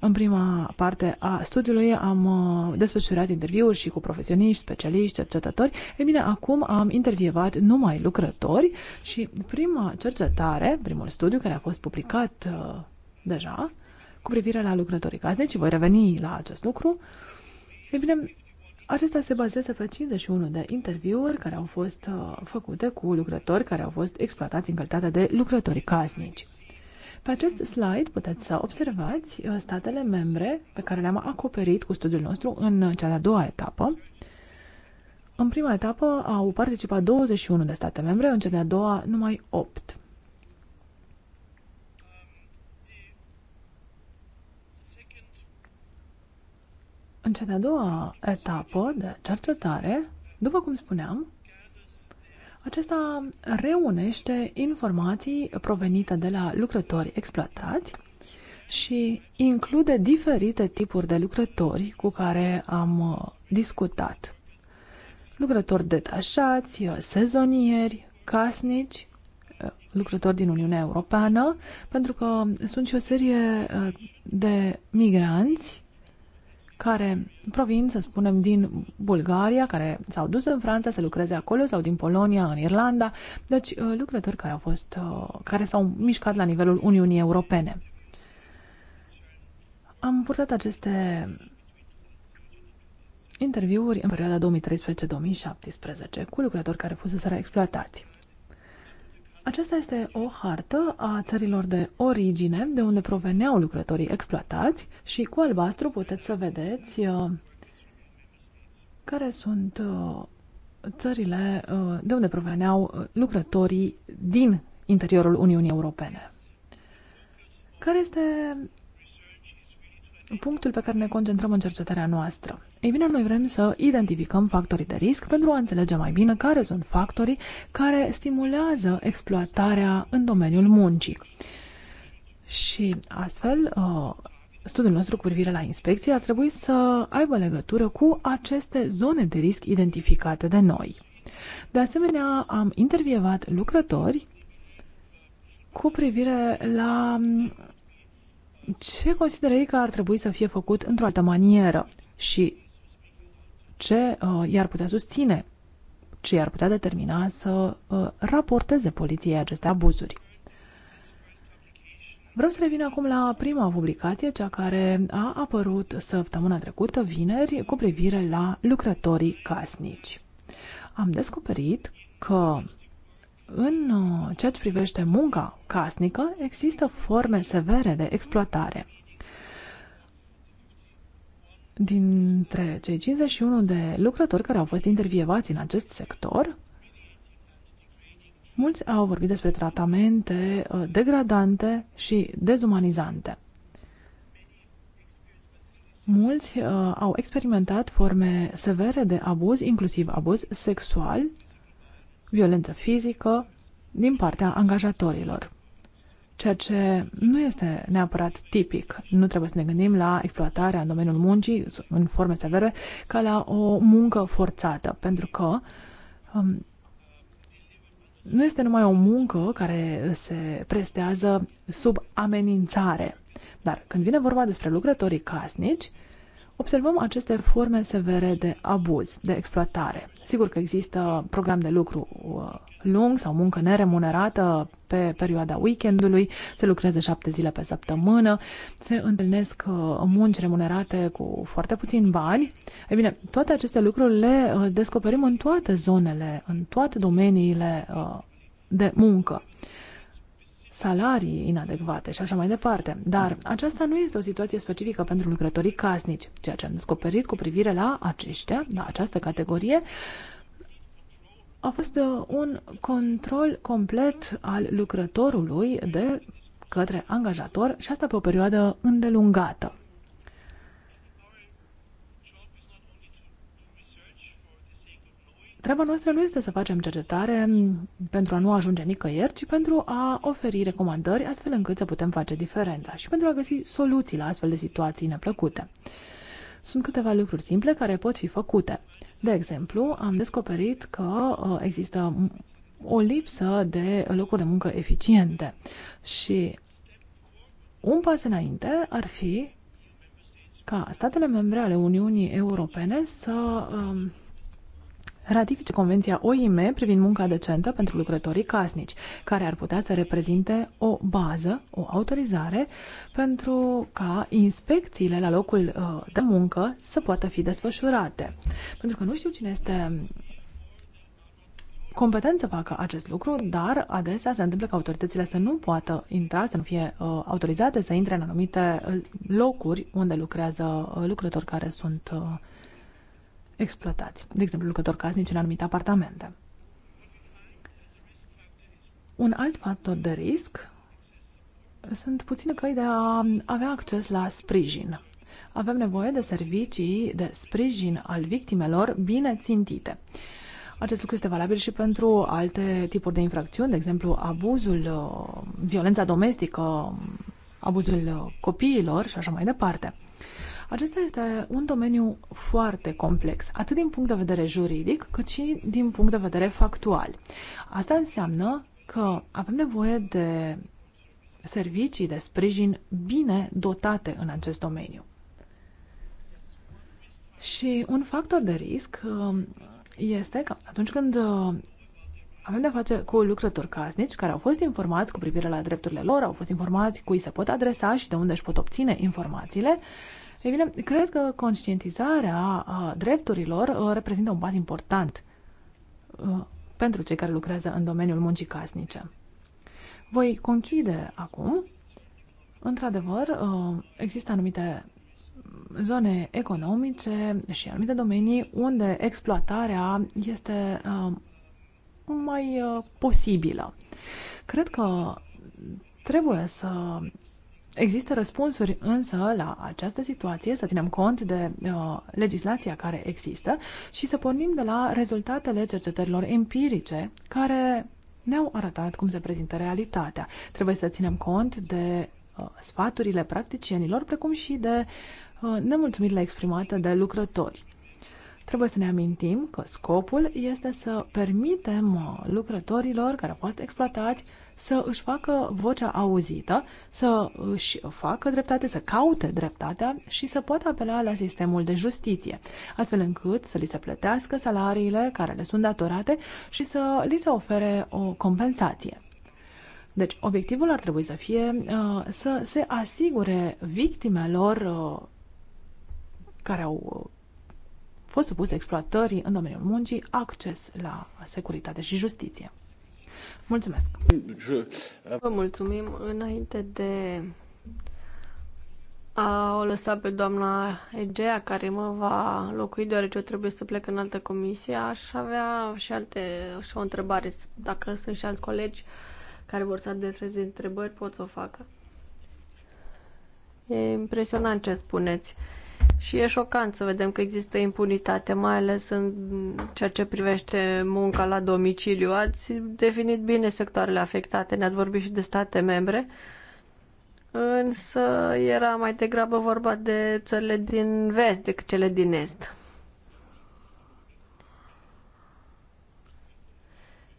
În prima parte a studiului am uh, desfășurat interviuri și cu profesioniști, specialiști, cercetători. Ei bine, acum am intervievat numai lucrători și prima cercetare, primul studiu care a fost publicat deja cu privire la lucrătorii casnici, voi reveni la acest lucru, ei bine, acesta se bazează pe 51 de interviuri care au fost uh, făcute cu lucrători care au fost exploatați în calitate de lucrători casnici. Pe acest slide puteți să observați uh, statele membre pe care le-am acoperit cu studiul nostru în uh, cea de-a doua etapă. În prima etapă au participat 21 de state membre, în cea de-a doua numai 8. În cea de-a doua etapă de cercetare, după cum spuneam, acesta reunește informații provenite de la lucrători exploatați și include diferite tipuri de lucrători cu care am uh, discutat. Lucrători detașați, uh, sezonieri, casnici, uh, lucrători din Uniunea Europeană, pentru că sunt și o serie de migranți care provin, să spunem, din Bulgaria, care s-au dus în Franța să lucreze acolo sau din Polonia, în Irlanda, deci uh, lucrători care au fost, uh, care s-au mișcat la nivelul Uniunii Europene. Am purtat aceste interviuri în perioada 2013-2017 cu lucrători care fuseseră exploatați. Aceasta este o hartă a țărilor de origine, de unde proveneau lucrătorii exploatați și cu albastru puteți să vedeți uh, care sunt uh, țările uh, de unde proveneau lucrătorii din interiorul Uniunii Europene. Care este punctul pe care ne concentrăm în cercetarea noastră? Ei bine, noi vrem să identificăm factorii de risc pentru a înțelege mai bine care sunt factorii care stimulează exploatarea în domeniul muncii. Și astfel, uh, studiul nostru cu privire la inspecție ar trebui să aibă legătură cu aceste zone de risc identificate de noi. De asemenea, am intervievat lucrători cu privire la mm, ce consideră ei că ar trebui să fie făcut într-o altă manieră și ce uh, i-ar putea susține, ce i-ar putea determina să uh, raporteze poliției aceste abuzuri. Vreau să revin acum la prima publicație, cea care a apărut săptămâna trecută, vineri, cu privire la lucrătorii casnici. Am descoperit că în uh, ceea ce privește munca casnică, există forme severe de exploatare. Dintre cei 51 de lucrători care au fost intervievați în acest sector, mulți au vorbit despre tratamente uh, degradante și dezumanizante. Mulți uh, au experimentat forme severe de abuz, inclusiv abuz sexual, violență fizică din partea angajatorilor ceea ce nu este neapărat tipic. Nu trebuie să ne gândim la exploatarea în domeniul muncii, în forme severe, ca la o muncă forțată, pentru că um, nu este numai o muncă care se prestează sub amenințare, dar când vine vorba despre lucrătorii casnici, uh, observăm aceste forme severe de abuz, de exploatare. Sigur că există program de lucru uh, lung sau muncă neremunerată pe perioada weekendului, se lucrează șapte zile pe săptămână, se întâlnesc uh, munci remunerate cu foarte puțin bani. Ei bine, toate aceste lucruri le uh, descoperim în toate zonele, în toate domeniile de muncă salarii inadecvate și așa mai departe. Dar aceasta nu este o situație specifică pentru lucrătorii casnici. Ceea ce am descoperit cu privire la aceștia, la această categorie, a fost uh, un control complet al lucrătorului de către angajator și asta pe o perioadă îndelungată. treaba noastră nu este să facem cercetare pentru a nu ajunge nicăieri, ci pentru a oferi recomandări astfel încât să putem face diferența și pentru a găsi soluții la astfel de situații neplăcute. Sunt câteva lucruri simple care pot fi făcute. De exemplu, am descoperit că uh, există o lipsă de locuri de muncă eficiente și un pas înainte ar fi ca statele membre ale Uniunii Europene să um, ratifice Convenția OIM privind munca decentă pentru lucrătorii casnici, care ar putea să reprezinte o bază, o autorizare pentru ca inspecțiile la locul uh, de muncă să poată fi desfășurate. Pentru că nu știu cine este competență facă acest lucru, dar adesea se întâmplă că autoritățile să nu poată intra, să nu fie uh, autorizate să intre în anumite uh, locuri unde lucrează uh, lucrători care sunt uh, exploatați, de exemplu lucrători casnici în anumite apartamente. Un alt factor de risc sunt puține căi de a avea acces la sprijin. Avem nevoie de servicii de sprijin al victimelor bine țintite. Acest lucru este valabil și pentru alte tipuri de infracțiuni, de exemplu abuzul, uh, violența domestică, abuzul uh, copiilor și așa mai departe. Acesta este un domeniu foarte complex, atât din punct de vedere juridic, cât și din punct de vedere factual. Asta înseamnă că avem nevoie de servicii de sprijin bine dotate în acest domeniu. Și un factor de risc um, este că atunci când uh, avem de face cu lucrători casnici care au fost informați cu privire la drepturile lor, au fost informați cui se pot adresa și de unde își pot obține informațiile, ei bine, cred că conștientizarea drepturilor uh, reprezintă un pas important uh, pentru cei care lucrează în domeniul muncii casnice. Voi conchide acum. Într-adevăr, uh, există anumite zone economice și anumite domenii unde exploatarea este mai posibilă. Cred că trebuie să Există răspunsuri însă la această situație, să ținem cont de uh, legislația care există și să pornim de la rezultatele cercetărilor empirice care ne-au arătat cum se prezintă realitatea. Trebuie să ținem cont de uh, sfaturile practicienilor, precum și de uh, nemulțumirile exprimate de lucrători. Trebuie să ne amintim că scopul este să permitem lucrătorilor care au fost exploatați să își facă vocea auzită, să își facă dreptate, să caute dreptatea și să poată apela la sistemul de justiție, astfel încât să li se plătească salariile care le sunt datorate și să li se ofere o compensație. Deci, obiectivul ar trebui să fie uh, să se asigure victimelor uh, care au fost supuse exploatării în domeniul muncii, acces la securitate și justiție.
Mulțumesc! Vă mulțumim înainte de a o lăsa pe doamna Egea, care mă va locui, deoarece eu trebuie să plec în altă comisie. Aș avea și alte, și o întrebare. Dacă sunt și alți colegi care vor să adreseze întrebări, pot să o facă. E impresionant ce spuneți. Și e șocant să vedem că există impunitate, mai ales în ceea ce privește munca la domiciliu. Ați definit bine sectoarele afectate, ne-ați vorbit și de state membre, însă era mai degrabă vorba de țările din vest decât cele din est.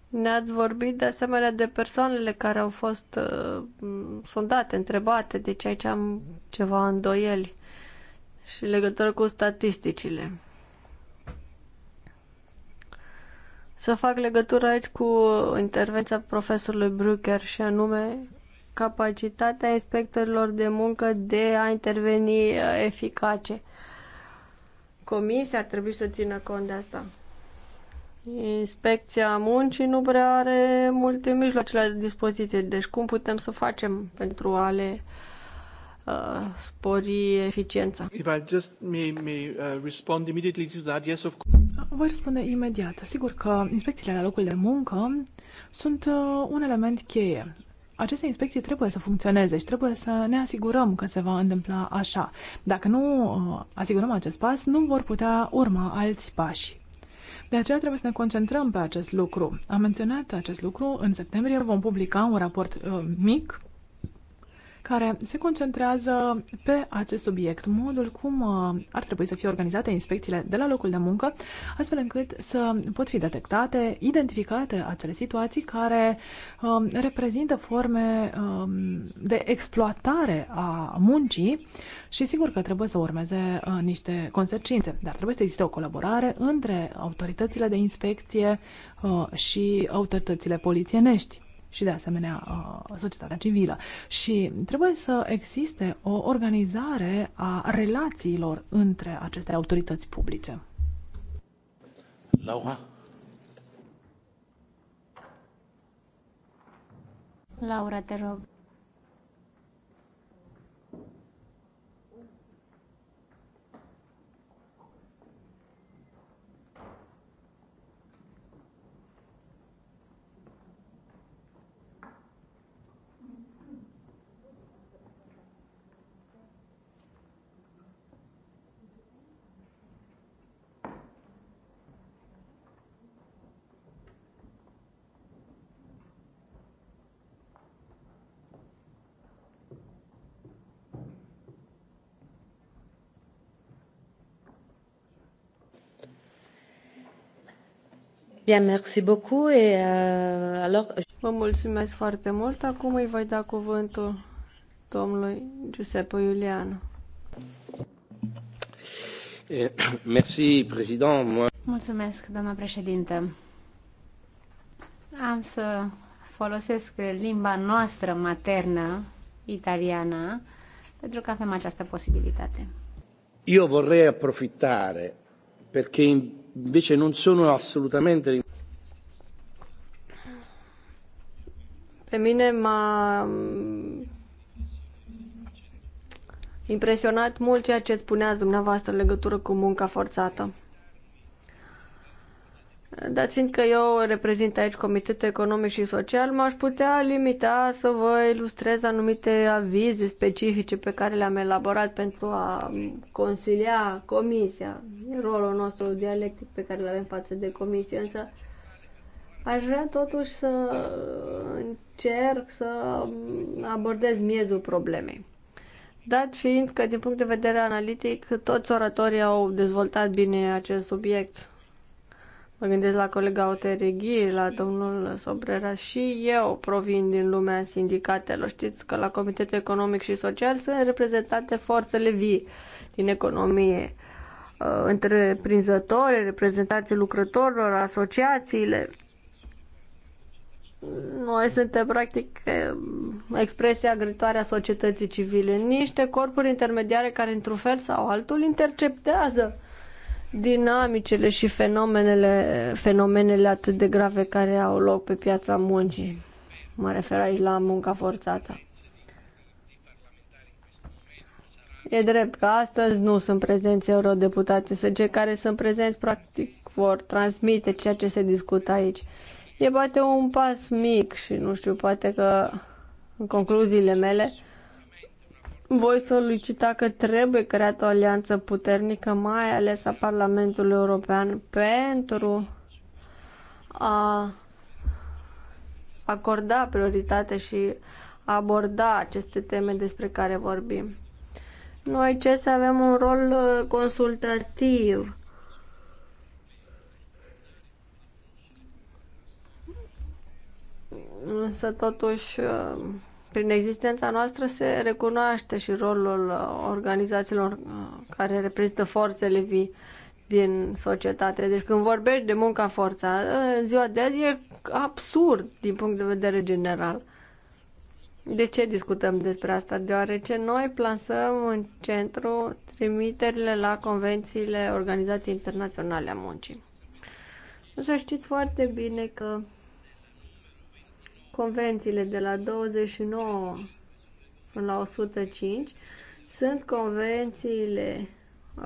Ne-ați vorbit de asemenea de persoanele care au fost uh, sondate, întrebate, deci aici am ceva îndoieli și legătură cu statisticile. Să fac legătură aici cu intervenția profesorului Brucker și anume capacitatea inspectorilor de muncă de a interveni uh, eficace. Comisia ar trebui să țină cont de asta. Inspecția muncii nu prea are multe mijloace la dispoziție, deci cum putem să facem pentru a le uh, uh, spori eficiența. If
I just may, may uh, respond immediately to that, yes, of course.
Voi răspunde imediat. Sigur că inspecțiile la locul de muncă sunt uh, un element cheie aceste inspecții trebuie să funcționeze și trebuie să ne asigurăm că se va întâmpla așa. Dacă nu uh, asigurăm acest pas, nu vor putea urma alți pași. De aceea trebuie să ne concentrăm pe acest lucru. Am menționat acest lucru. În septembrie vom publica un raport uh, mic care se concentrează pe acest subiect, modul cum uh, ar trebui să fie organizate inspecțiile de la locul de muncă, astfel încât să pot fi detectate, identificate acele situații care um, reprezintă forme um, de exploatare a muncii și sigur că trebuie să urmeze uh, niște consecințe, dar trebuie să existe o colaborare între autoritățile de inspecție uh, și autoritățile polițienești și de asemenea uh, societatea civilă. Și trebuie să existe o organizare a relațiilor între aceste autorități publice.
Laura?
Laura, te rog.
Bien, merci beaucoup. Et, euh, alors... Vă mulțumesc foarte mult. Acum îi voi da cuvântul domnului Giuseppe Iulian. Eh, [COUGHS] merci, président.
Mulțumesc, doamna președinte. Am să folosesc limba noastră maternă, italiana, pentru că avem această posibilitate.
Eu vorrei aprofitare
perché că invece non sono assolutamente... Pe mine m-a impresionat mult ceea ce spuneați dumneavoastră în legătură cu munca forțată dar fiindcă eu reprezint aici Comitetul Economic și Social, m-aș putea limita să vă ilustrez anumite avize specifice pe care le-am elaborat pentru a consilia comisia, rolul nostru dialectic pe care îl avem față de comisie, însă aș vrea totuși să încerc să abordez miezul problemei. Dat fiind că, din punct de vedere analitic, toți oratorii au dezvoltat bine acest subiect Mă gândesc la colega Otereghi, la domnul Sobrera și eu provin din lumea sindicatelor. Știți că la Comitetul Economic și Social sunt reprezentate forțele vii din economie, uh, întreprinzători, reprezentanții lucrătorilor, asociațiile. Noi suntem practic expresia gritoare a societății civile, niște corpuri intermediare care într-un fel sau altul interceptează dinamicele și fenomenele, fenomenele atât de grave care au loc pe piața muncii. Mă refer aici la munca forțată. E drept că astăzi nu sunt prezenți eurodeputații, să cei care sunt prezenți practic vor transmite ceea ce se discută aici. E poate un pas mic și nu știu, poate că în concluziile mele voi solicita că trebuie creată o alianță puternică, mai ales a Parlamentului European, pentru a acorda prioritate și a aborda aceste teme despre care vorbim. Noi ce să avem un rol uh, consultativ. Însă totuși uh, prin existența noastră se recunoaște și rolul uh, organizațiilor uh, care reprezintă forțele vii din societate. Deci când vorbești de munca forța, uh, în ziua de azi e absurd din punct de vedere general. De ce discutăm despre asta? Deoarece noi plasăm în centru trimiterile la convențiile Organizației Internaționale a Muncii. Să știți foarte bine că convențiile de la 29 până la 105 sunt convențiile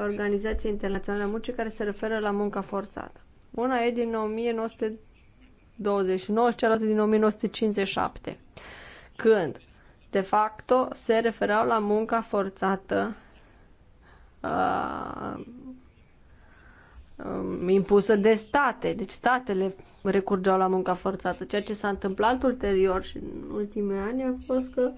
Organizației Internaționale a Muncii care se referă la munca forțată. Una e din 1929 și cealaltă din 1957, când, de facto, se referau la munca forțată uh, impusă de state. Deci statele recurgeau la munca forțată. Ceea ce s-a întâmplat ulterior și în ultimii ani a fost că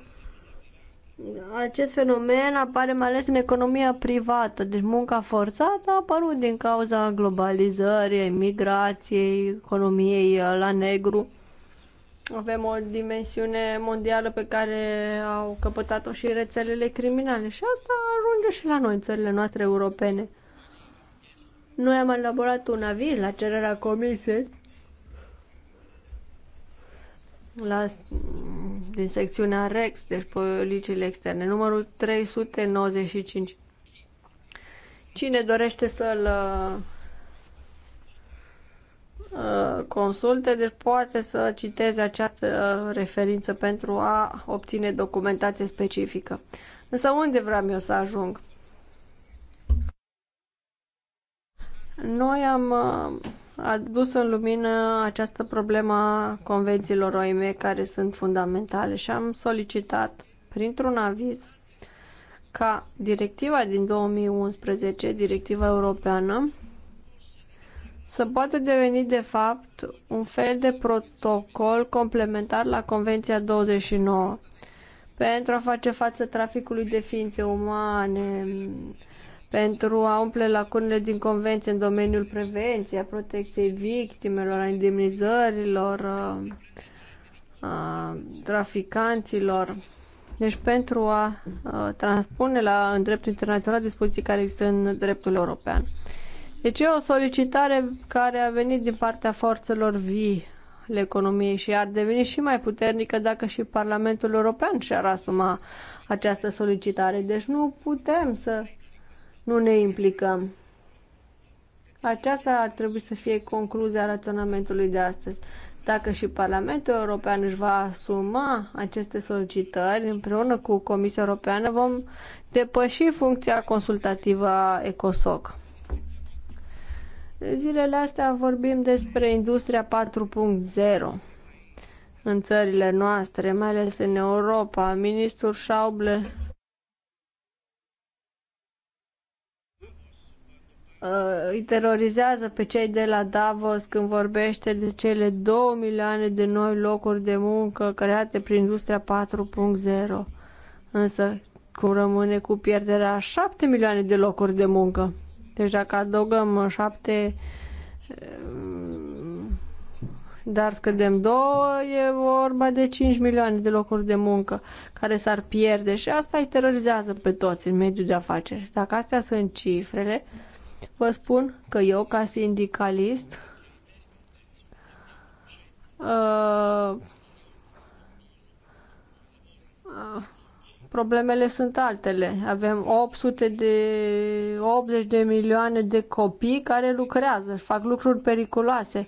acest fenomen apare mai ales în economia privată, deci munca forțată a apărut din cauza globalizării, emigrației, economiei uh, la negru. Avem o dimensiune mondială pe care au căpătat-o și rețelele criminale și asta ajunge și la noi, țările noastre europene. Noi am elaborat un aviz la cererea comisiei la, din secțiunea REX, deci policiile externe, numărul 395. Cine dorește să-l uh, consulte, deci poate să citeze această uh, referință pentru a obține documentație specifică. Însă unde vreau eu să ajung? Noi am uh, adus în lumină această problemă a convențiilor OIM care sunt fundamentale și am solicitat printr-un aviz ca directiva din 2011, directiva europeană, să poată deveni de fapt un fel de protocol complementar la Convenția 29 pentru a face față traficului de ființe umane, pentru a umple lacunele din convenție în domeniul prevenției, a protecției victimelor, a indemnizărilor, a traficanților. Deci pentru a transpune la, în dreptul internațional dispoziții care există în dreptul european. Deci e o solicitare care a venit din partea forțelor vii ale economiei și ar deveni și mai puternică dacă și Parlamentul European și-ar asuma această solicitare. Deci nu putem să nu ne implicăm. Aceasta ar trebui să fie concluzia raționamentului de astăzi. Dacă și Parlamentul European își va asuma aceste solicitări împreună cu Comisia Europeană, vom depăși funcția consultativă a ECOSOC. Zilele astea vorbim despre industria 4.0 în țările noastre, mai ales în Europa. Ministrul Schauble uh, îi terorizează pe cei de la Davos când vorbește de cele 2 milioane de noi locuri de muncă create prin industria 4.0. Însă, cum rămâne cu pierderea 7 milioane de locuri de muncă? Deci dacă adăugăm 7 uh, dar scădem două, e vorba de 5 milioane de locuri de muncă care s-ar pierde și asta îi terorizează pe toți în mediul de afaceri. Dacă astea sunt cifrele, uh, Vă spun că eu, ca sindicalist, uh, uh, problemele sunt altele. Avem 800 de 80 de milioane de copii care lucrează, fac lucruri periculoase.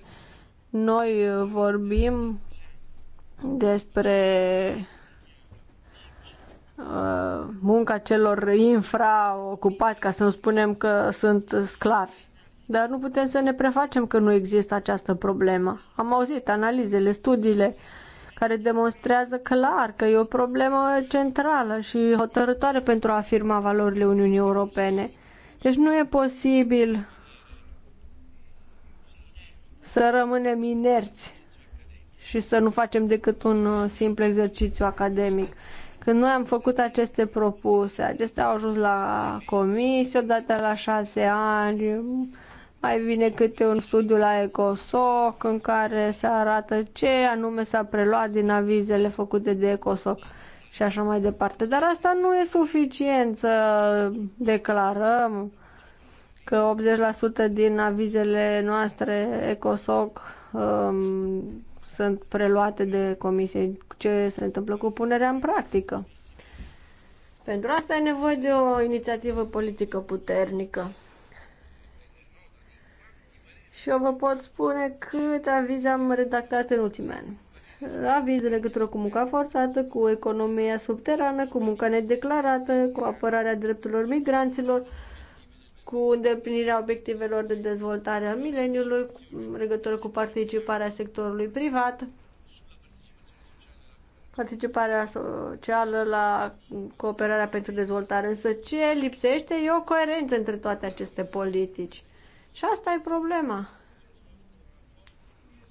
Noi vorbim despre Uh, munca celor infraocupați, ca să nu spunem că sunt sclavi. Dar nu putem să ne prefacem că nu există această problemă. Am auzit analizele, studiile care demonstrează clar că e o problemă centrală și hotărătoare pentru a afirma valorile Uniunii Europene. Deci nu e posibil să rămânem inerți și să nu facem decât un uh, simplu exercițiu academic. Când noi am făcut aceste propuse, acestea au ajuns la comisie odată la șase ani, mai vine câte un studiu la ECOSOC în care se arată ce anume s-a preluat din avizele făcute de ECOSOC și așa mai departe. Dar asta nu e suficient să declarăm că 80% din avizele noastre ECOSOC um, sunt preluate de comisie ce se întâmplă cu punerea în practică. Pentru asta e nevoie de o inițiativă politică puternică. Și eu vă pot spune câte avize am redactat în ultimii ani. Aviz în legătură cu munca forțată, cu economia subterană, cu munca nedeclarată, cu apărarea drepturilor migranților, cu îndeplinirea obiectivelor de dezvoltare a mileniului, în legătură cu participarea sectorului privat, participarea socială, la cooperarea pentru dezvoltare. Însă ce lipsește e o coerență între toate aceste politici. Și asta e problema.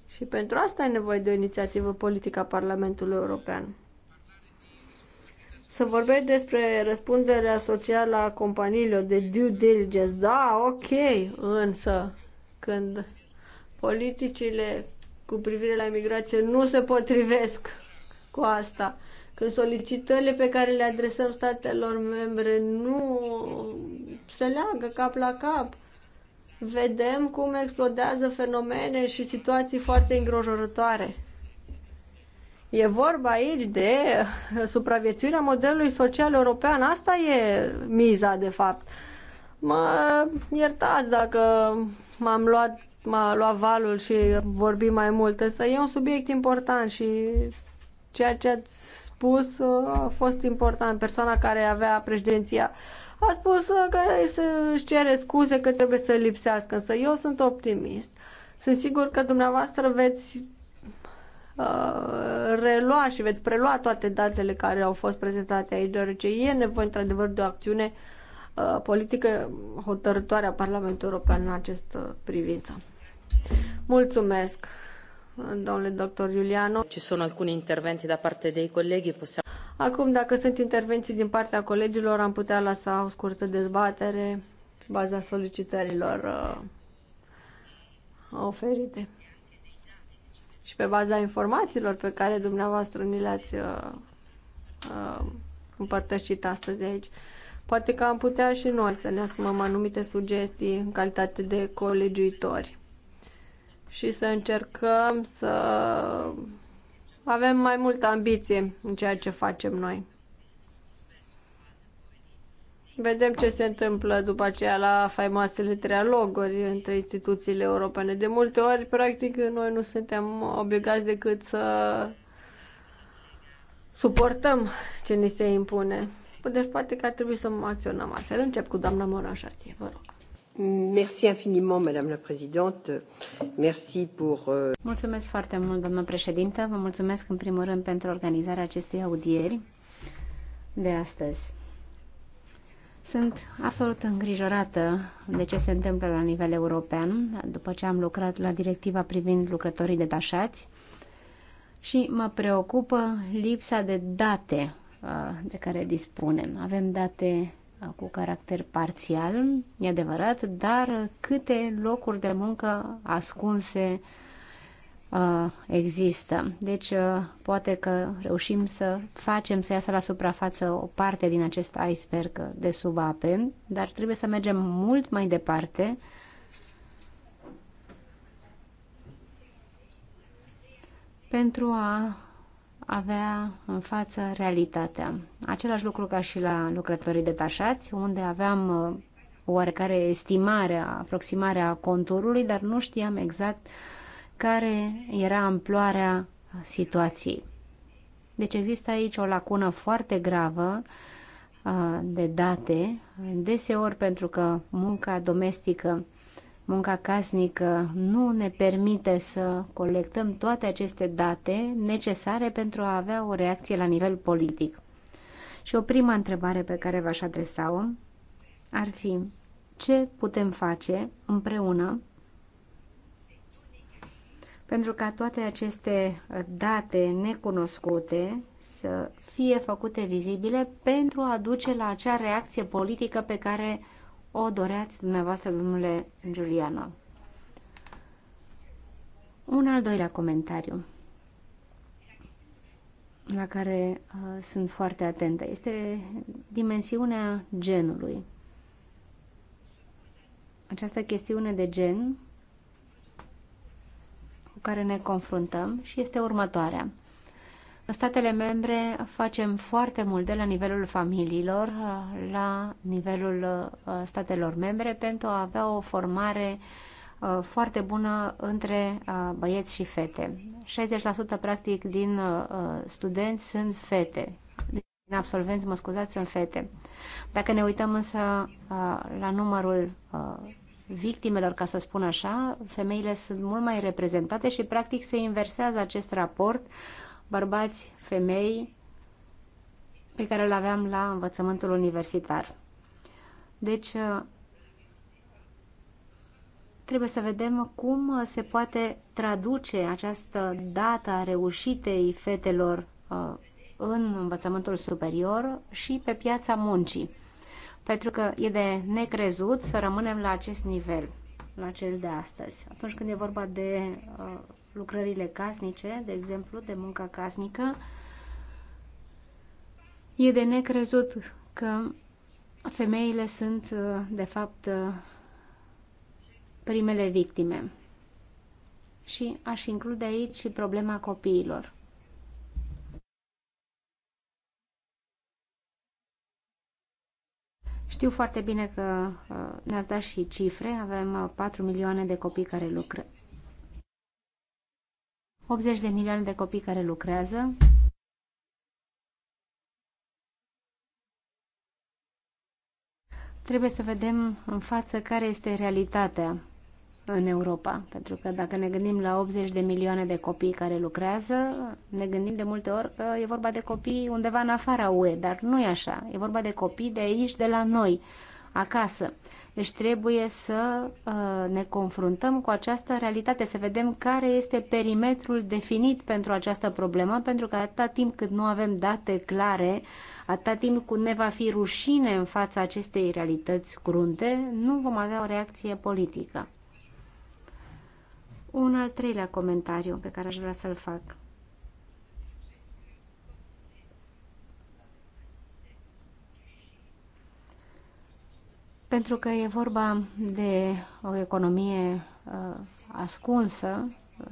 Și pentru asta e nevoie de o inițiativă politică a Parlamentului European. Să vorbești despre răspunderea socială a companiilor, de due diligence, da, ok, însă când politicile cu privire la imigrație nu se potrivesc cu asta. că solicitările pe care le adresăm statelor membre nu se leagă cap la cap, vedem cum explodează fenomene și situații foarte îngrojorătoare. E vorba aici de supraviețuirea modelului social european. Asta e miza, de fapt. Mă iertați dacă m-am luat, m-a luat valul și vorbim mai mult, însă e un subiect important și Ceea ce ați spus uh, a fost important. Persoana care avea președinția a spus uh, că își cere scuze că trebuie să lipsească, însă eu sunt optimist. Sunt sigur că dumneavoastră veți uh, relua și veți prelua toate datele care au fost prezentate aici, deoarece e nevoie într-adevăr de o acțiune politică hotărătoare a Parlamentului European în această privință. Mulțumesc! domnule doctor Ci alcuni interventi da parte dei possiamo... Acum, dacă sunt intervenții din partea colegilor, am putea lăsa o scurtă dezbatere baza solicitărilor uh, oferite. Și pe baza informațiilor pe care dumneavoastră ni le-ați uh, uh, împărtășit astăzi aici. Poate că am putea și noi să ne asumăm anumite sugestii în calitate de colegiuitori și să încercăm să avem mai multă ambiție în ceea ce facem noi. Vedem ce se întâmplă după aceea la faimoasele trialoguri între instituțiile europene. De multe ori, practic, noi nu suntem obligați decât să suportăm ce ni se impune. Deci poate că ar trebui să acționăm altfel. Încep cu doamna Moran Șartie, vă rog. Merci infiniment, Madame la Présidente. Merci pour... Euh,
mulțumesc foarte mult, doamnă președintă. Vă mulțumesc în primul rând pentru organizarea acestei audieri de astăzi. Sunt absolut îngrijorată de ce se întâmplă la nivel european după ce am lucrat la directiva privind lucrătorii detașați și mă preocupă lipsa de date uh, de care dispunem. Avem date cu caracter parțial, e adevărat, dar câte locuri de muncă ascunse uh, există. Deci uh, poate că reușim să facem să iasă la suprafață o parte din acest iceberg de sub ape, dar trebuie să mergem mult mai departe pentru a avea în față realitatea. Același lucru ca și la lucrătorii detașați, unde aveam uh, oarecare estimare, aproximare a conturului, dar nu știam exact care era amploarea situației. Deci există aici o lacună foarte gravă uh, de date, deseori pentru că munca domestică munca casnică nu ne permite să colectăm toate aceste date necesare pentru a avea o reacție la nivel politic. Și o prima întrebare pe care v-aș adresa-o ar fi ce putem face împreună pentru ca toate aceste date necunoscute să fie făcute vizibile pentru a duce la acea reacție politică pe care o doreați dumneavoastră, domnule Giuliano. Un al doilea comentariu la care uh, sunt foarte atentă este dimensiunea genului. Această chestiune de gen cu care ne confruntăm și este următoarea statele membre facem foarte mult de la nivelul familiilor, la nivelul uh, statelor membre, pentru a avea o formare uh, foarte bună între uh, băieți și fete. 60% practic din studenți sunt fete, din absolvenți, mă scuzați, sunt fete. Dacă ne uităm însă la numărul victimelor, ca să spun așa, femeile sunt mult mai reprezentate și practic se inversează acest raport bărbați, femei, pe care îl aveam la învățământul universitar. Deci, uh, trebuie să vedem cum se poate traduce această dată a reușitei fetelor uh, în învățământul superior și pe piața muncii. Pentru că e de necrezut să rămânem la acest nivel, la cel de astăzi. Atunci când e vorba de uh, lucrările casnice, de exemplu, de munca casnică, e de necrezut că femeile sunt, uh, de fapt, uh, primele victime. Și aș include aici și problema copiilor. Știu foarte bine că uh, ne-ați dat și cifre, avem 4 milioane de copii care lucrează. 80 de milioane de copii care lucrează, trebuie să vedem în față care este realitatea în Europa. Pentru că dacă ne gândim la 80 de milioane de copii care lucrează, ne gândim de multe ori că e vorba de copii undeva în afara UE, dar nu e așa. E vorba de copii de aici, de la noi, acasă. Deci trebuie să uh, ne confruntăm cu această realitate, să vedem care este perimetrul definit pentru această problemă, pentru că atâta timp cât nu avem date clare, atâta timp cât ne va fi rușine în fața acestei realități crunte, nu vom avea o reacție politică. Un al treilea comentariu pe care aș vrea să-l fac. pentru că e vorba de o economie uh, ascunsă, uh,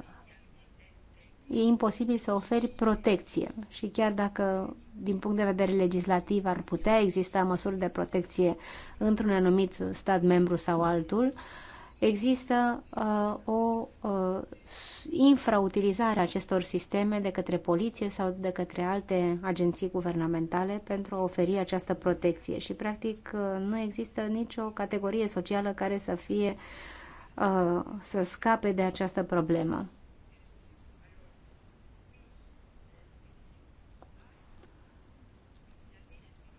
e imposibil să oferi protecție. Și chiar dacă, din punct de vedere legislativ, ar putea exista măsuri de protecție într-un anumit stat membru sau altul, uh, există uh, o uh, infrautilizare a acestor sisteme de către poliție sau de către alte agenții guvernamentale pentru a oferi această protecție și practic uh, nu există nicio categorie socială care să fie uh, să scape de această problemă.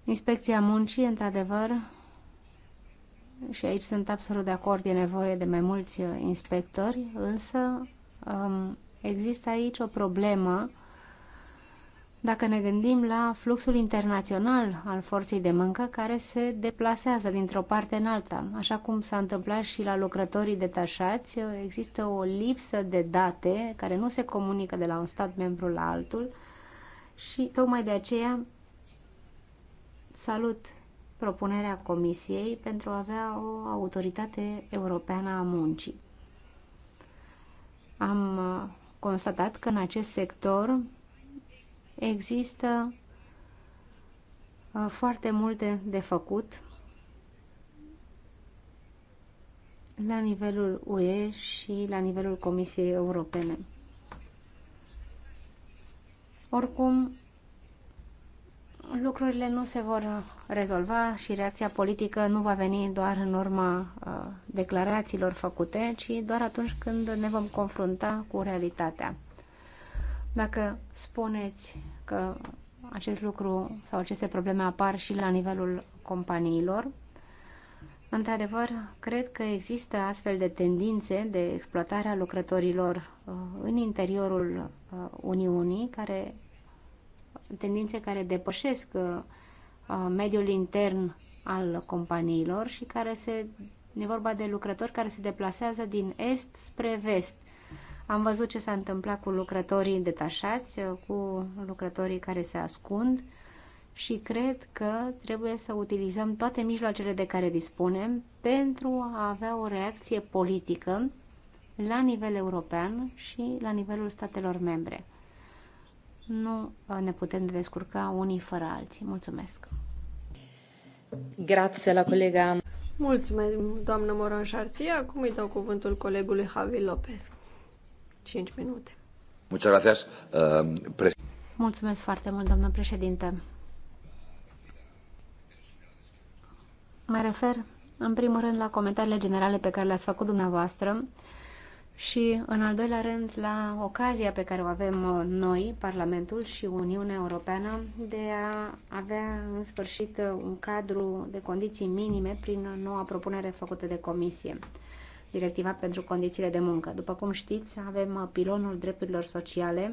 Inspecția muncii, într-adevăr, și aici sunt absolut de acord, e nevoie de mai mulți uh, inspectori, însă um, există aici o problemă dacă ne gândim la fluxul internațional al forței de muncă care se deplasează dintr-o parte în alta. Așa cum s-a întâmplat și la lucrătorii detașați, uh, există o lipsă de date care nu se comunică de la un stat membru la altul și tocmai de aceea salut propunerea Comisiei pentru a avea o autoritate europeană a muncii. Am uh, constatat că în acest sector există uh, foarte multe de făcut la nivelul UE și la nivelul Comisiei Europene. Oricum, lucrurile nu se vor rezolva și reacția politică nu va veni doar în urma uh, declarațiilor făcute, ci doar atunci când ne vom confrunta cu realitatea. Dacă spuneți că acest lucru sau aceste probleme apar și la nivelul companiilor, într-adevăr, cred că există astfel de tendințe de exploatare a lucrătorilor uh, în interiorul uh, Uniunii care tendințe care depășesc uh, uh, mediul intern al companiilor și care se, e vorba de lucrători care se deplasează din est spre vest. Am văzut ce s-a întâmplat cu lucrătorii detașați, uh, cu lucrătorii care se ascund și cred că trebuie să utilizăm toate mijloacele de care dispunem pentru a avea o reacție politică la nivel european și la nivelul statelor membre nu uh, ne putem descurca unii fără alții. Mulțumesc! Grație la colega.
Mulțumesc, doamnă Moran Șartie. Acum îi dau cuvântul colegului Javi Lopez. 5 minute.
Muchas uh,
Mulțumesc foarte mult, doamnă președinte. Mă refer, în primul rând, la comentariile generale pe care le-ați făcut dumneavoastră și, în al doilea rând, la ocazia pe care o avem uh, noi, Parlamentul și Uniunea Europeană, de a avea, în sfârșit, uh, un cadru de condiții minime prin noua propunere făcută de Comisie, Directiva pentru Condițiile de Muncă. După cum știți, avem uh, pilonul drepturilor sociale,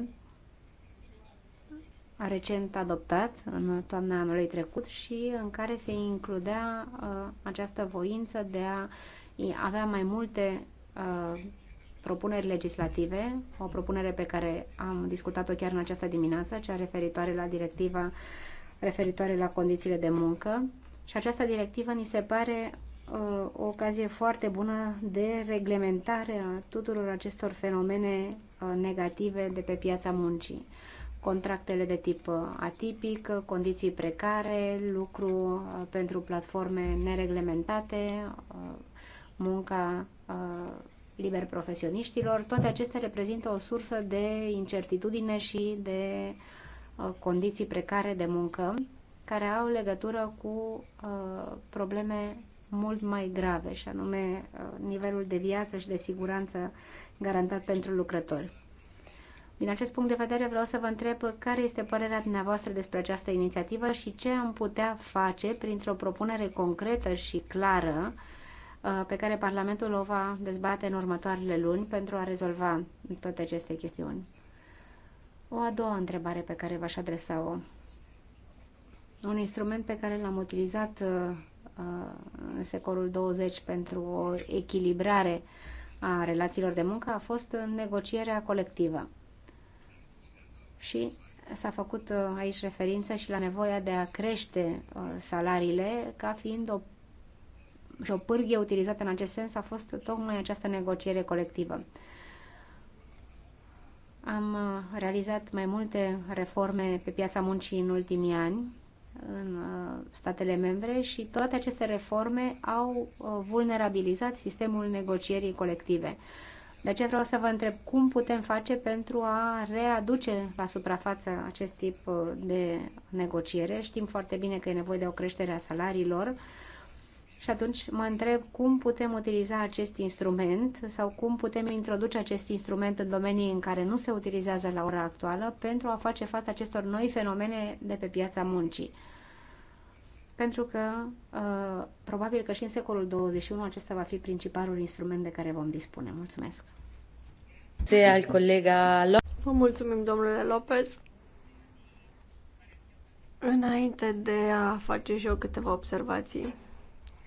recent adoptat în toamna anului trecut și în care se includea uh, această voință de a avea mai multe uh, propuneri legislative, o propunere pe care am discutat-o chiar în această dimineață, cea referitoare la directiva referitoare la condițiile de muncă. Și această directivă ni se pare uh, o ocazie foarte bună de reglementare a tuturor acestor fenomene uh, negative de pe piața muncii. Contractele de tip uh, atipic, condiții precare, lucru uh, pentru platforme nereglementate, uh, munca uh, liber profesioniștilor, toate acestea reprezintă o sursă de incertitudine și de uh, condiții precare de muncă care au legătură cu uh, probleme mult mai grave, și anume uh, nivelul de viață și de siguranță garantat pentru lucrători. Din acest punct de vedere vreau să vă întreb care este părerea dumneavoastră despre această inițiativă și ce am putea face printr-o propunere concretă și clară uh, Uh, pe care Parlamentul o va dezbate în următoarele luni pentru a rezolva toate aceste chestiuni. O a doua întrebare pe care v-aș adresa-o. Un instrument pe care l-am utilizat uh, uh, în secolul 20 pentru o echilibrare a relațiilor de muncă a fost negocierea colectivă. Și s-a făcut aici referință și la nevoia de a crește salariile ca fiind o și o pârghie utilizată în acest sens a fost tocmai această negociere colectivă. Am uh, realizat mai multe reforme pe piața muncii în ultimii ani în uh, statele membre și toate aceste reforme au uh, vulnerabilizat sistemul negocierii colective. De aceea vreau să vă întreb cum putem face pentru a readuce la suprafață acest tip de negociere. Știm foarte bine că e nevoie de o creștere a salariilor, și atunci mă întreb cum putem utiliza acest instrument sau cum putem introduce acest instrument în domenii în care nu se utilizează la ora actuală pentru a face față acestor noi fenomene de pe piața muncii. Pentru că uh, probabil că și în secolul 21 acesta va fi principalul instrument de care vom dispune.
Mulțumesc! al colega Vă mulțumim, domnule Lopez. Înainte de a face și eu câteva observații,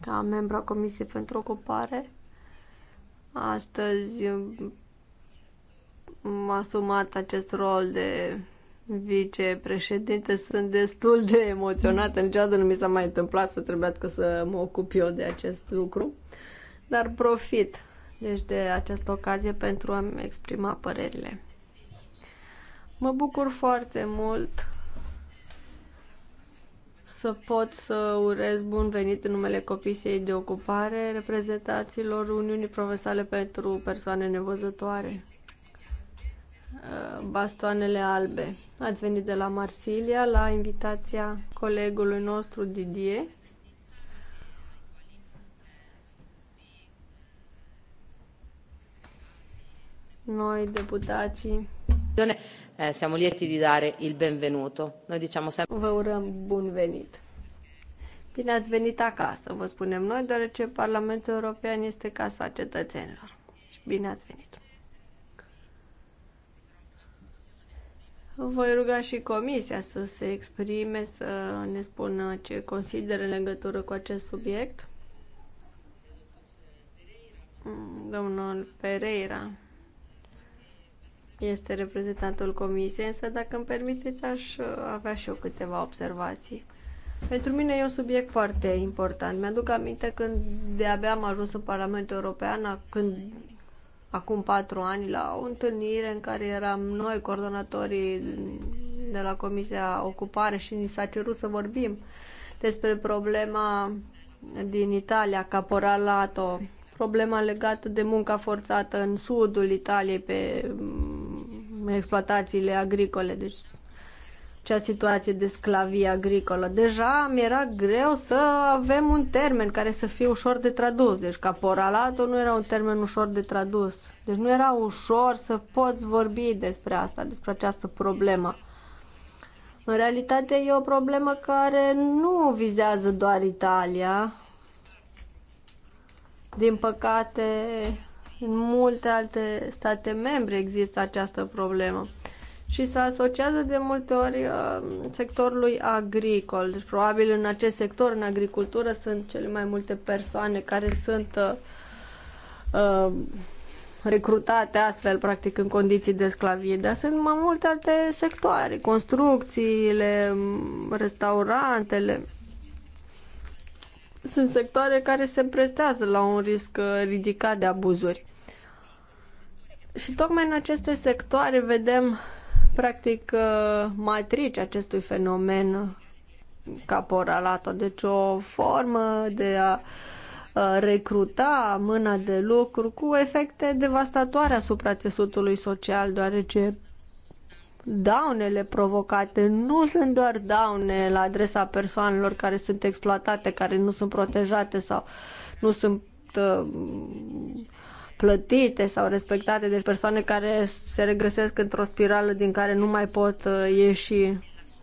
ca membru a Comisiei pentru Ocupare. Astăzi mm, m-am asumat acest rol de vicepreședinte. Sunt destul de emoționată. Niciodată nu mi s-a mai întâmplat să trebuiască să mă ocup eu de acest lucru. Dar profit deci de această ocazie pentru a-mi exprima părerile. Mă bucur foarte mult să pot să urez bun venit în numele Comisiei de Ocupare reprezentaților Uniunii Profesale pentru Persoane Nevăzătoare. Uh, bastoanele albe. Ați venit de la Marsilia la invitația colegului nostru Didier. Noi, deputații, Eh, siamo lieti di dare il benvenuto. Noi diciamo sempre... Vă urăm bun venit! Bine ați venit acasă, vă spunem noi, deoarece Parlamentul European este casa cetățenilor. Și bine ați venit! Voi ruga și comisia să se exprime, să ne spună ce consideră în legătură cu acest subiect. Mm, domnul Pereira este reprezentantul comisiei, însă dacă îmi permiteți aș uh, avea și eu câteva observații. Pentru mine e un subiect foarte important. Mi-aduc aminte când de-abia am ajuns în Parlamentul European, când acum patru ani, la o întâlnire în care eram noi, coordonatorii de la Comisia Ocupare și ni s-a cerut să vorbim despre problema din Italia, caporalato, problema legată de munca forțată în sudul Italiei pe exploatațiile agricole, deci cea situație de sclavie agricolă. Deja mi era greu să avem un termen care să fie ușor de tradus. Deci caporalatul nu era un termen ușor de tradus. Deci nu era ușor să poți vorbi despre asta, despre această problemă. În realitate e o problemă care nu vizează doar Italia. Din păcate, în multe alte state membre există această problemă și se asociază de multe ori uh, sectorului agricol. Deci, probabil în acest sector, în agricultură, sunt cele mai multe persoane care sunt uh, uh, recrutate astfel, practic, în condiții de sclavie. Dar sunt mai multe alte sectoare, construcțiile, mm, restaurantele. Sunt sectoare care se prestează la un risc uh, ridicat de abuzuri. Și tocmai în aceste sectoare vedem, practic, uh, matrici acestui fenomen caporalat, deci o formă de a uh, recruta mâna de lucru cu efecte devastatoare asupra țesutului social, deoarece daunele provocate nu sunt doar daune la adresa persoanelor care sunt exploatate, care nu sunt protejate sau nu sunt uh, plătite sau respectate de persoane care se regăsesc într-o spirală din care nu mai pot uh, ieși.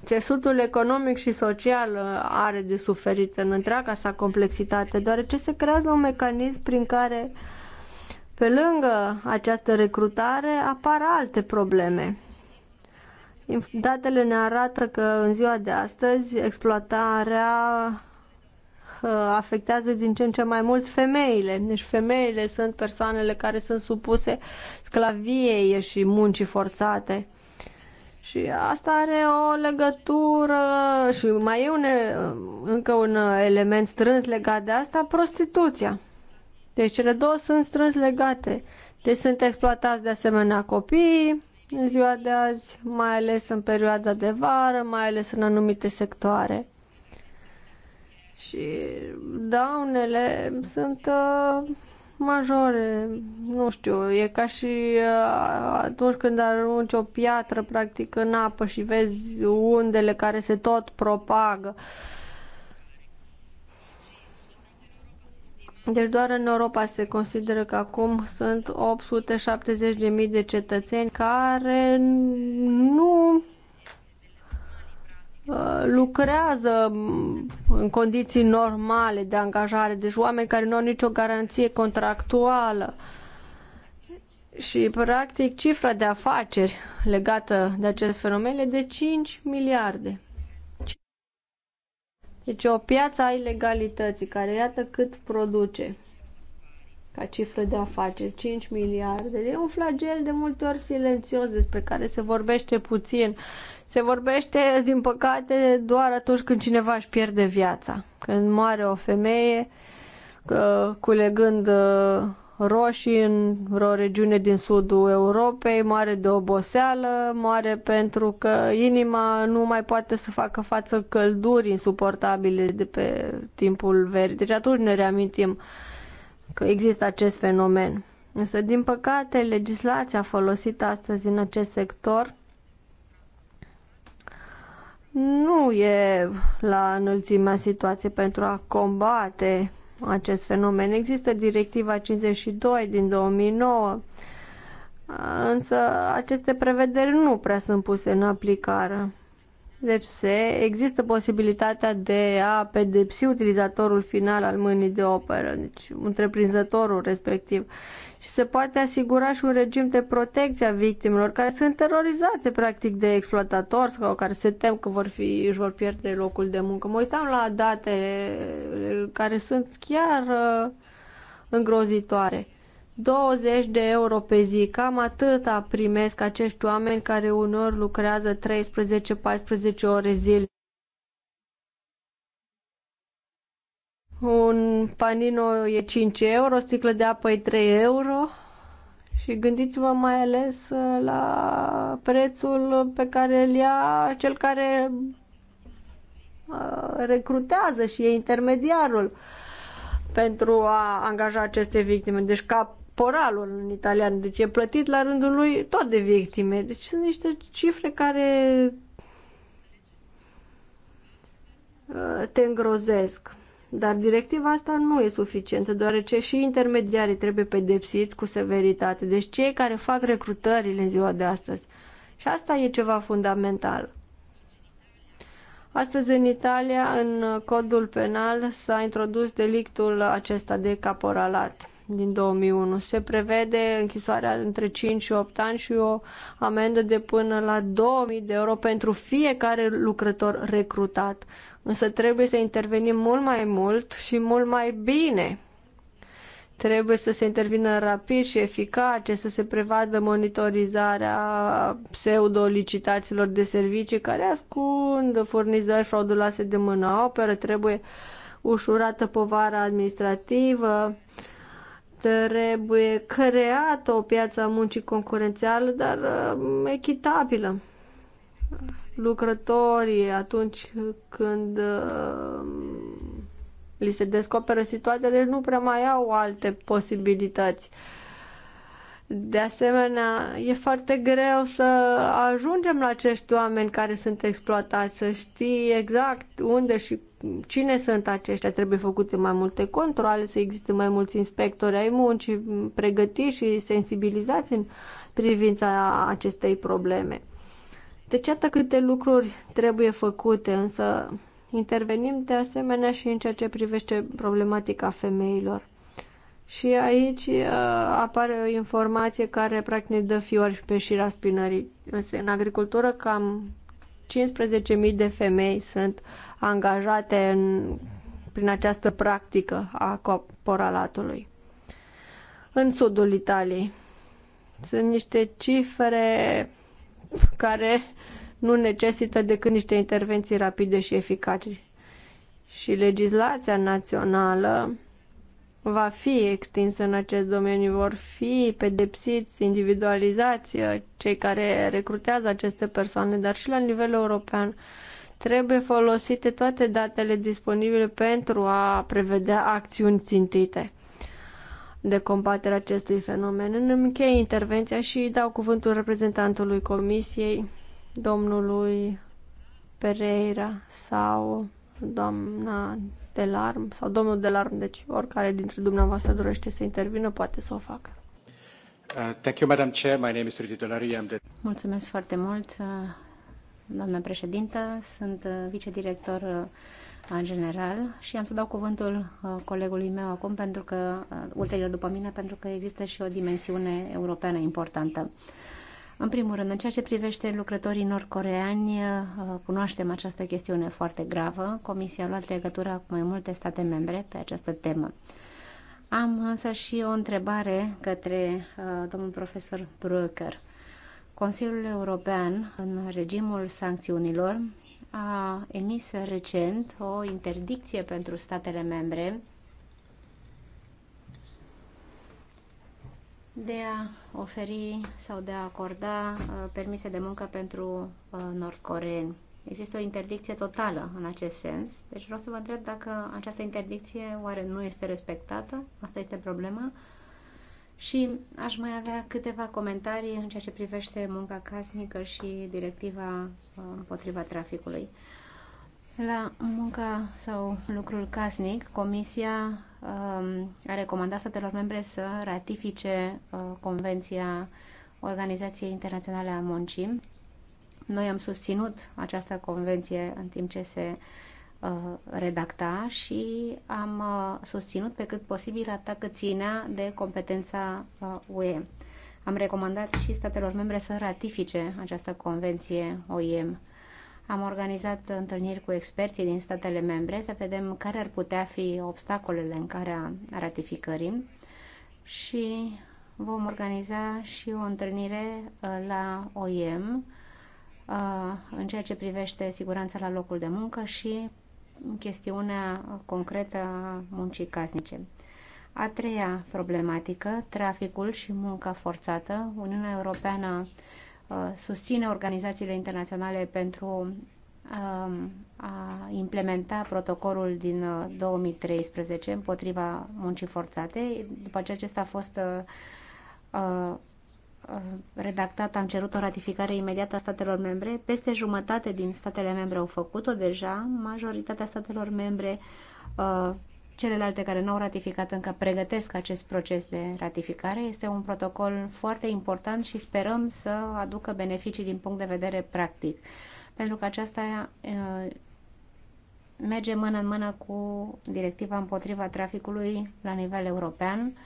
Țesutul economic și social uh, are de suferit în întreaga sa complexitate, deoarece se creează un mecanism prin care, pe lângă această recrutare, apar alte probleme. Datele ne arată că în ziua de astăzi exploatarea afectează din ce în ce mai mult femeile. Deci femeile sunt persoanele care sunt supuse sclaviei și muncii forțate. Și asta are o legătură și mai e un, încă un element strâns legat de asta, prostituția. Deci cele două sunt strâns legate. Deci sunt exploatați de asemenea copiii în ziua de azi, mai ales în perioada de vară, mai ales în anumite sectoare și daunele sunt uh, majore. Nu știu, e ca și uh, atunci când arunci o piatră practic în apă și vezi undele care se tot propagă. Deci doar în Europa se consideră că acum sunt 870.000 de cetățeni care nu Uh, lucrează mm, în condiții normale de angajare, deci oameni care nu au nicio garanție contractuală. Și, practic, cifra de afaceri legată de acest fenomen e de 5 miliarde. Deci o piață a ilegalității, care iată cât produce ca cifră de afaceri, 5 miliarde. E un flagel de multe ori silențios despre care se vorbește puțin se vorbește, din păcate, doar atunci când cineva își pierde viața. Când moare o femeie, culegând uh, roșii în o regiune din sudul Europei, moare de oboseală, moare pentru că inima nu mai poate să facă față călduri insuportabile de pe timpul verii. Deci atunci ne reamintim că există acest fenomen. Însă, din păcate, legislația folosită astăzi în acest sector nu e la înălțimea situației pentru a combate acest fenomen. Există directiva 52 din 2009, însă aceste prevederi nu prea sunt puse în aplicare. Deci se, există posibilitatea de a pedepsi utilizatorul final al mâinii de operă, deci întreprinzătorul respectiv. Uh, și se poate asigura și un regim de protecție a victimelor care sunt terorizate practic de exploatatori sau care se tem că vor fi, își vor pierde locul de muncă. Mă uitam la date eh, care sunt chiar uh, îngrozitoare. 20 de euro pe zi, cam atâta primesc acești oameni care unor lucrează 13-14 ore zile. Un panino e 5 euro, o sticlă de apă e 3 euro. Și gândiți-vă mai ales uh, la prețul pe care îl ia cel care uh, recrutează și e intermediarul pentru a angaja aceste victime. Deci caporalul în italian, deci e plătit la rândul lui tot de victime. Deci sunt niște cifre care uh, te îngrozesc. Dar directiva asta nu e suficientă, deoarece și intermediarii trebuie pedepsiți cu severitate, deci cei care fac recrutările în ziua de astăzi. Și asta e ceva fundamental. Astăzi, în Italia, în codul penal s-a introdus delictul acesta de caporalat din 2001. Se prevede închisoarea între 5 și 8 ani și o amendă de până la 2000 de euro pentru fiecare lucrător recrutat. Însă trebuie să intervenim mult mai mult și mult mai bine. Trebuie să se intervină rapid și eficace, să se prevadă monitorizarea pseudo-licitațiilor de servicii care ascund furnizări frauduloase de mână operă, trebuie ușurată povara administrativă, uh, Trebuie creată o piață a muncii concurențială, dar uh, echitabilă. Lucrătorii, atunci când uh, li se descoperă situația, deci nu prea mai au alte posibilități. De asemenea, e foarte greu să ajungem la acești oameni care sunt exploatați, să știi exact unde și cine sunt aceștia, trebuie făcute mai multe controle, să existe mai mulți inspectori ai muncii, pregătiți și sensibilizați în privința acestei probleme. Deci, atât câte lucruri trebuie făcute, însă intervenim de asemenea și în ceea ce privește problematica femeilor. Și aici uh, apare o informație care practic ne dă fiori pe șira spinării. Însă în agricultură cam 15.000 de femei sunt uh, angajate în, prin această practică a corporalatului. În sudul Italiei sunt niște cifre care nu necesită decât niște intervenții rapide și eficace. Și legislația națională va fi extinsă în acest domeniu, vor fi pedepsiți, individualizați cei care recrutează aceste persoane, dar și la nivel european Trebuie folosite toate datele disponibile pentru a prevedea acțiuni țintite de combaterea acestui fenomen. În închei intervenția și dau cuvântul reprezentantului Comisiei, domnului Pereira sau doamna Delarm sau domnul Delarm, deci oricare dintre dumneavoastră dorește să intervină, poate să o facă.
Uh, thank you, Madam Chair. My name is Rudy
Mulțumesc foarte mult. Uh, doamna
președintă, sunt uh, vicedirector uh, general și am să dau cuvântul uh, colegului meu acum pentru că, ulterior după mine, pentru că există și o dimensiune europeană importantă. În primul rând, în ceea ce privește lucrătorii nordcoreani, cunoaștem această chestiune foarte gravă. Comisia a luat legătura cu mai multe state membre pe această temă. Am însă și o întrebare către uh, domnul profesor Brucker. Uh, Consiliul European, în regimul sancțiunilor, a emis recent o interdicție pentru statele membre de a oferi sau de a acorda uh, permise de muncă pentru uh, nordcoreeni. Există o interdicție totală în acest sens. Deci vreau să vă întreb dacă această interdicție oare nu este respectată? Asta este problema. Și aș mai avea câteva comentarii în ceea ce privește munca casnică și directiva uh, împotriva traficului. La munca sau lucrul casnic, Comisia um, a recomandat statelor membre să ratifice uh, Convenția Organizației Internaționale a Muncii. Noi am susținut această convenție în timp ce se uh, Uh, redacta și am uh, susținut pe cât posibil atât cât ținea de competența UE. Uh, am recomandat și statelor membre să ratifice această convenție OIM. Am organizat întâlniri cu experții din statele membre să vedem care ar putea fi obstacolele în care a ratificării și vom organiza și o întâlnire la OIM în ceea ce privește siguranța la locul de muncă și chestiunea concretă a muncii casnice. A treia problematică, traficul și munca forțată. Uniunea Europeană uh, susține organizațiile internaționale pentru um, a implementa protocolul din 2013 uh, împotriva muncii forțate, după ce acesta a fost uh, Uh, redactat, am cerut o ratificare imediată a statelor membre. Peste jumătate din statele membre au făcut-o deja, majoritatea statelor membre, uh, celelalte care nu au ratificat încă, pregătesc acest proces de ratificare. Este un protocol foarte important și sperăm să aducă beneficii din punct de vedere practic, pentru că aceasta uh, merge mână în mână cu directiva împotriva traficului la nivel european,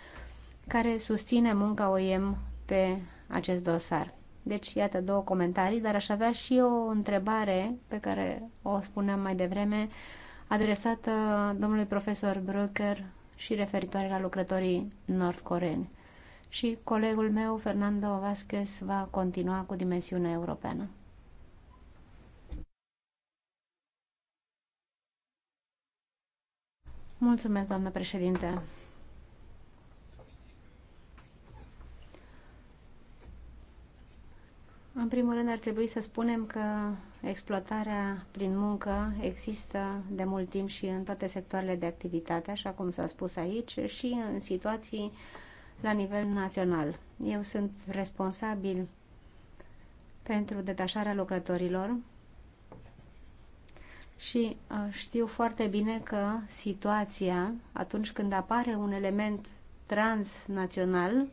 care susține munca OIM pe acest dosar. Deci, iată două comentarii, dar aș avea și o întrebare pe care o spuneam mai devreme, adresată domnului profesor Brucker și referitoare la lucrătorii nordcoreeni. Și colegul meu, Fernando Vasquez, va continua cu dimensiunea europeană. Mulțumesc, doamnă președinte. În primul rând ar trebui să spunem că exploatarea prin muncă există de mult timp și în toate sectoarele de activitate, așa cum s-a spus aici, și în situații la nivel național. Eu sunt responsabil pentru detașarea lucrătorilor și uh, știu foarte bine că situația, atunci când apare un element transnațional,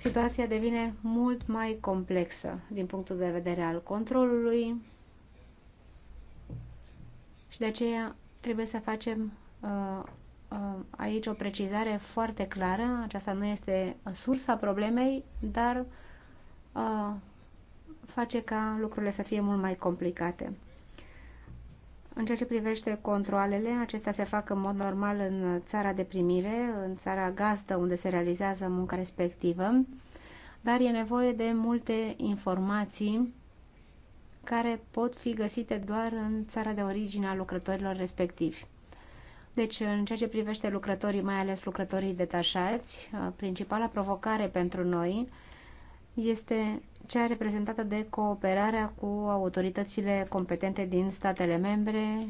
situația devine mult mai complexă din punctul de vedere al controlului și de aceea trebuie să facem uh, uh, aici o precizare foarte clară. Aceasta nu este sursa problemei, dar uh, face ca lucrurile să fie mult mai complicate. În ceea ce privește controlele, acestea se fac în mod normal în țara de primire, în țara gazdă unde se realizează munca respectivă, dar e nevoie de multe informații care pot fi găsite doar în țara de origine a lucrătorilor respectivi. Deci, în ceea ce privește lucrătorii, mai ales lucrătorii detașați, principala provocare pentru noi este cea reprezentată de cooperarea cu autoritățile competente din statele membre,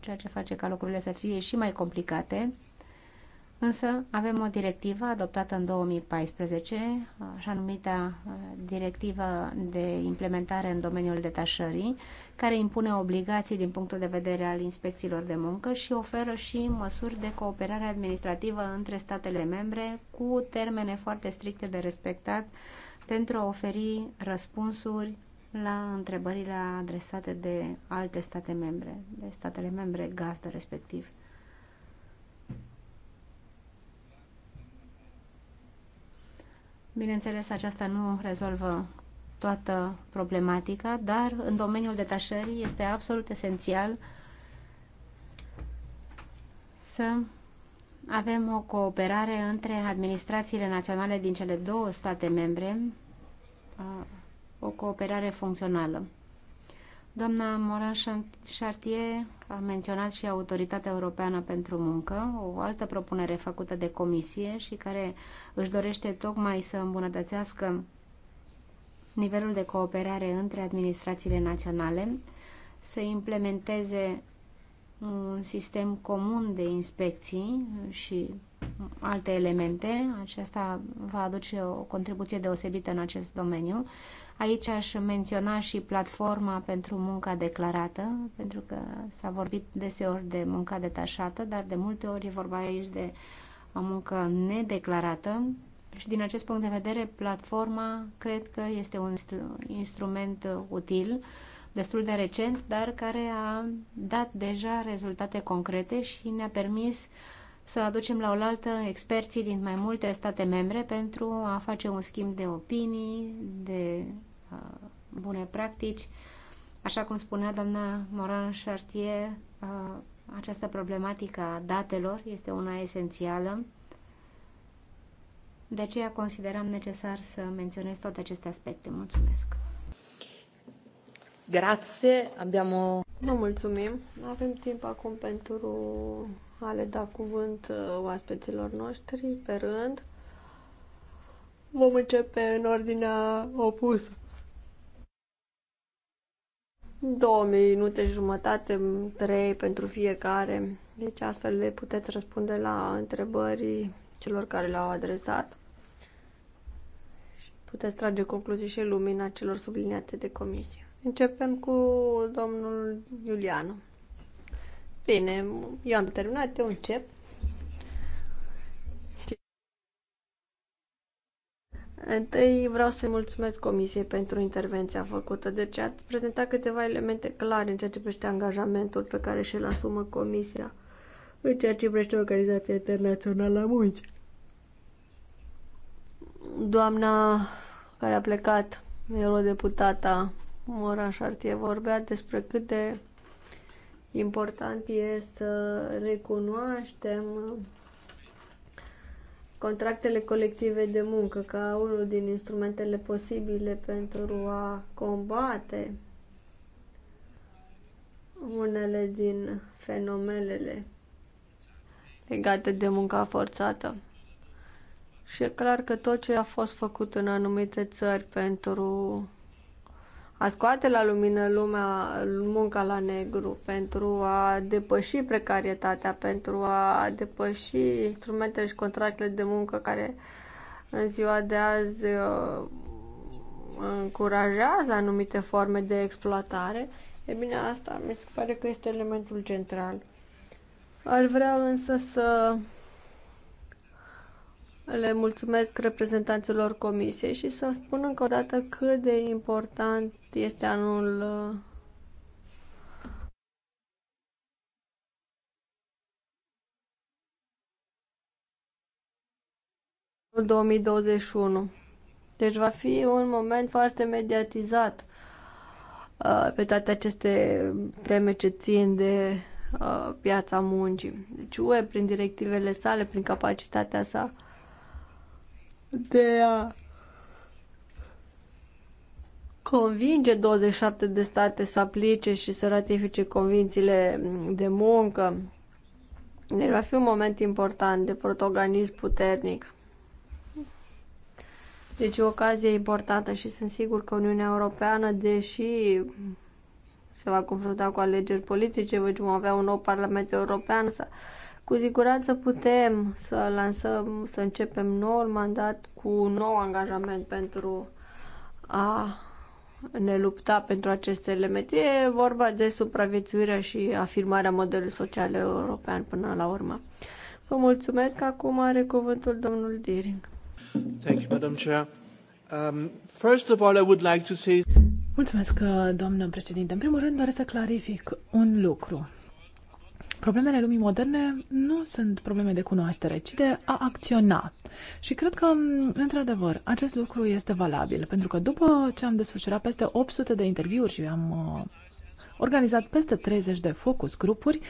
ceea ce face ca lucrurile să fie și mai complicate. Însă avem o directivă adoptată în 2014, așa numită uh, directivă de implementare în domeniul detașării, care impune obligații din punctul de vedere al inspecțiilor de muncă și oferă și măsuri de cooperare administrativă între statele membre cu termene foarte stricte de respectat uh, pentru a oferi răspunsuri la întrebările adresate de alte state membre, de statele membre gazdă respectiv. Bineînțeles, aceasta nu rezolvă toată problematica, dar în domeniul detașării este absolut esențial să avem o cooperare între administrațiile naționale din cele două state membre, o cooperare funcțională. Doamna Moran Chartier a menționat și Autoritatea Europeană pentru Muncă, o altă propunere făcută de comisie și care își dorește tocmai să îmbunătățească nivelul de cooperare între administrațiile naționale, să implementeze un sistem comun de inspecții și alte elemente. Aceasta va aduce o contribuție deosebită în acest domeniu. Aici aș menționa și platforma pentru munca declarată, pentru că s-a vorbit deseori de munca detașată, dar de multe ori e vorba aici de o muncă nedeclarată și din acest punct de vedere platforma cred că este un instrument util destul de recent, dar care a dat deja rezultate concrete și ne-a permis să aducem la oaltă experții din mai multe state membre pentru a face un schimb de opinii, de uh, bune practici. Așa cum spunea doamna Moran Chartier, uh, această problematică a datelor este una esențială. De aceea considerăm necesar să menționez toate aceste aspecte. Mulțumesc!
Grazie, abbiamo... Vă mulțumim. Avem timp acum pentru a le da cuvânt uh, oaspeților noștri pe rând. Vom începe în ordinea opusă. Două minute și jumătate, trei pentru fiecare. Deci astfel le puteți răspunde la întrebări celor care le-au adresat. Și puteți trage concluzii și lumina celor subliniate de comisie. Începem cu domnul Iulianu. Bine, eu am terminat, eu încep. Întâi vreau să mulțumesc Comisiei pentru intervenția făcută. Deci ați prezentat câteva elemente clare în ceea ce privește angajamentul pe care și-l asumă Comisia în ceea ce privește Organizația Internațională a Muncii. Doamna care a plecat, deputată. Moran Chartier vorbea despre cât de important e să recunoaștem contractele colective de muncă ca unul din instrumentele posibile pentru a combate unele din fenomenele legate de munca forțată. Și e clar că tot ce a fost făcut în anumite țări pentru a scoate la lumină lumea, munca la negru, pentru a depăși precarietatea, pentru a depăși instrumentele și contractele de muncă care în ziua de azi uh, încurajează anumite forme de exploatare, e bine, asta mi se pare că este elementul central. Ar vrea însă să le mulțumesc reprezentanților comisiei și să spun încă o dată cât de important este anul uh, 2021. Deci va fi un moment foarte mediatizat uh, pe toate aceste teme ce țin de uh, piața muncii. Deci UE, prin directivele sale, prin capacitatea sa de a convinge 27 de state să aplice și să ratifice convințiile de muncă. Deci va fi un moment important de protagonism puternic. Deci o ocazie importantă și sunt sigur că Uniunea Europeană, deși se va confrunta cu alegeri politice, deci vom avea un nou Parlament European, să cu siguranță putem să lansăm, să începem noul mandat cu un nou angajament pentru a ne lupta pentru aceste elemente. E vorba de supraviețuirea și afirmarea modelului social european până la urmă. Vă mulțumesc. Acum are cuvântul domnul Diring.
Thank you, Madam Chair. Um, first of all, I would like to say...
Mulțumesc,
uh, doamnă președinte. În primul rând, doresc să clarific un lucru. Problemele lumii moderne nu sunt probleme de cunoaștere, ci de a acționa. Și cred că, într-adevăr, acest lucru este valabil, pentru că după ce am desfășurat peste 800 de interviuri și am uh, organizat peste 30 de focus grupuri,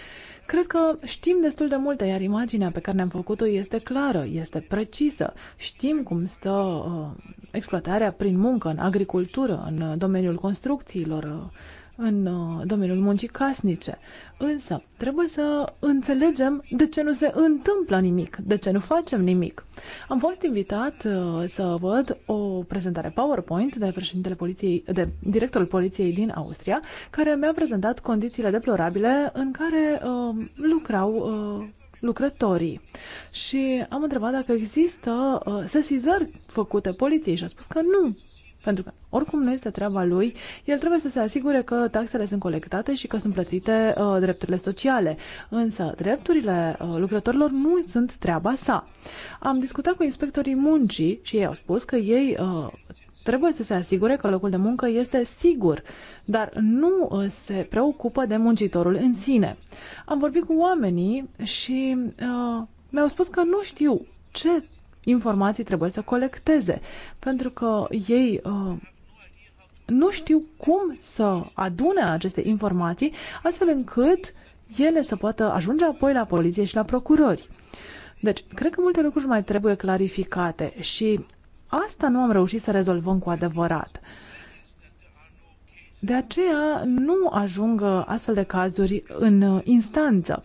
cred că știm destul de multe, iar imaginea pe care ne-am făcut-o este clară, este precisă. Știm cum stă uh, exploatarea prin muncă în agricultură, în domeniul construcțiilor, uh, în uh, domeniul muncii casnice. Însă, trebuie să înțelegem de ce nu se întâmplă nimic, de ce nu facem nimic. Am fost invitat uh, să văd o prezentare PowerPoint de președintele poliției, de directorul poliției din Austria, care mi-a prezentat condițiile deplorabile în care uh, lucrau uh, lucrătorii. Și am întrebat dacă există uh, sesizări făcute poliției și a spus că nu pentru că, oricum nu este treaba lui, el trebuie să se asigure că taxele sunt colectate și că sunt plătite uh, drepturile sociale. Însă, drepturile uh, lucrătorilor nu sunt treaba sa. Am discutat cu inspectorii muncii și ei au spus că ei uh, trebuie să se asigure că locul de muncă este sigur, dar nu uh, se preocupă de muncitorul în sine. Am vorbit cu oamenii și uh, mi-au spus că nu știu ce informații trebuie să colecteze, pentru că ei uh, nu știu cum să adune aceste informații, astfel încât ele să poată ajunge apoi la poliție și la procurori. Deci, cred că multe lucruri mai trebuie clarificate și asta nu am reușit să rezolvăm cu adevărat. De aceea nu ajung uh, astfel de cazuri în uh, instanță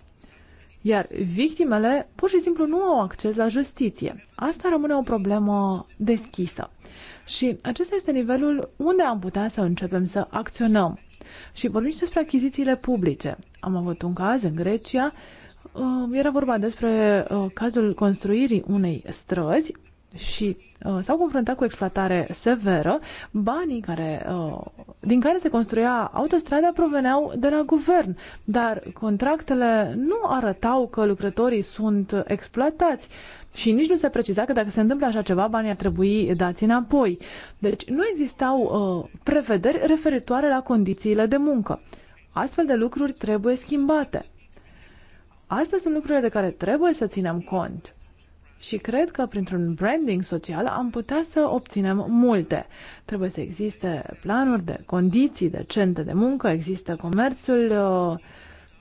iar victimele pur și simplu nu au acces la justiție. Asta rămâne o problemă deschisă. Și acesta este nivelul unde am putea să începem să acționăm. Și vorbim și despre achizițiile publice. Am avut un caz în Grecia, uh, era vorba despre uh, cazul construirii unei străzi și uh, s-au confruntat cu exploatare severă, banii care, uh, din care se construia autostrada proveneau de la guvern, dar contractele nu arătau că lucrătorii sunt exploatați și nici nu se preciza că dacă se întâmplă așa ceva, banii ar trebui dați înapoi. Deci nu existau uh, prevederi referitoare la condițiile de muncă. Astfel de lucruri trebuie schimbate. Astea sunt lucrurile de care trebuie să ținem cont și cred că printr-un branding social am putea să obținem multe. Trebuie să existe planuri de condiții decente de muncă, există comerțul uh,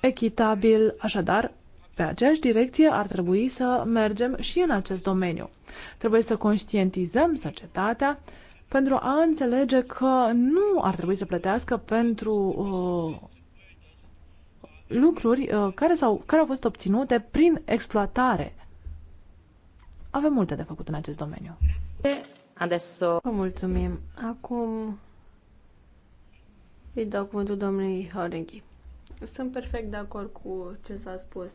echitabil, așadar pe aceeași direcție ar trebui să mergem și în acest domeniu. Trebuie să conștientizăm societatea pentru a înțelege că nu ar trebui să plătească pentru uh, lucruri uh, care, s-au, care au fost obținute prin exploatare avem multe de făcut în acest domeniu.
Adesso... Vă mulțumim. Acum îi dau cuvântul domnului Horenghi. Sunt perfect de acord cu ce s-a spus.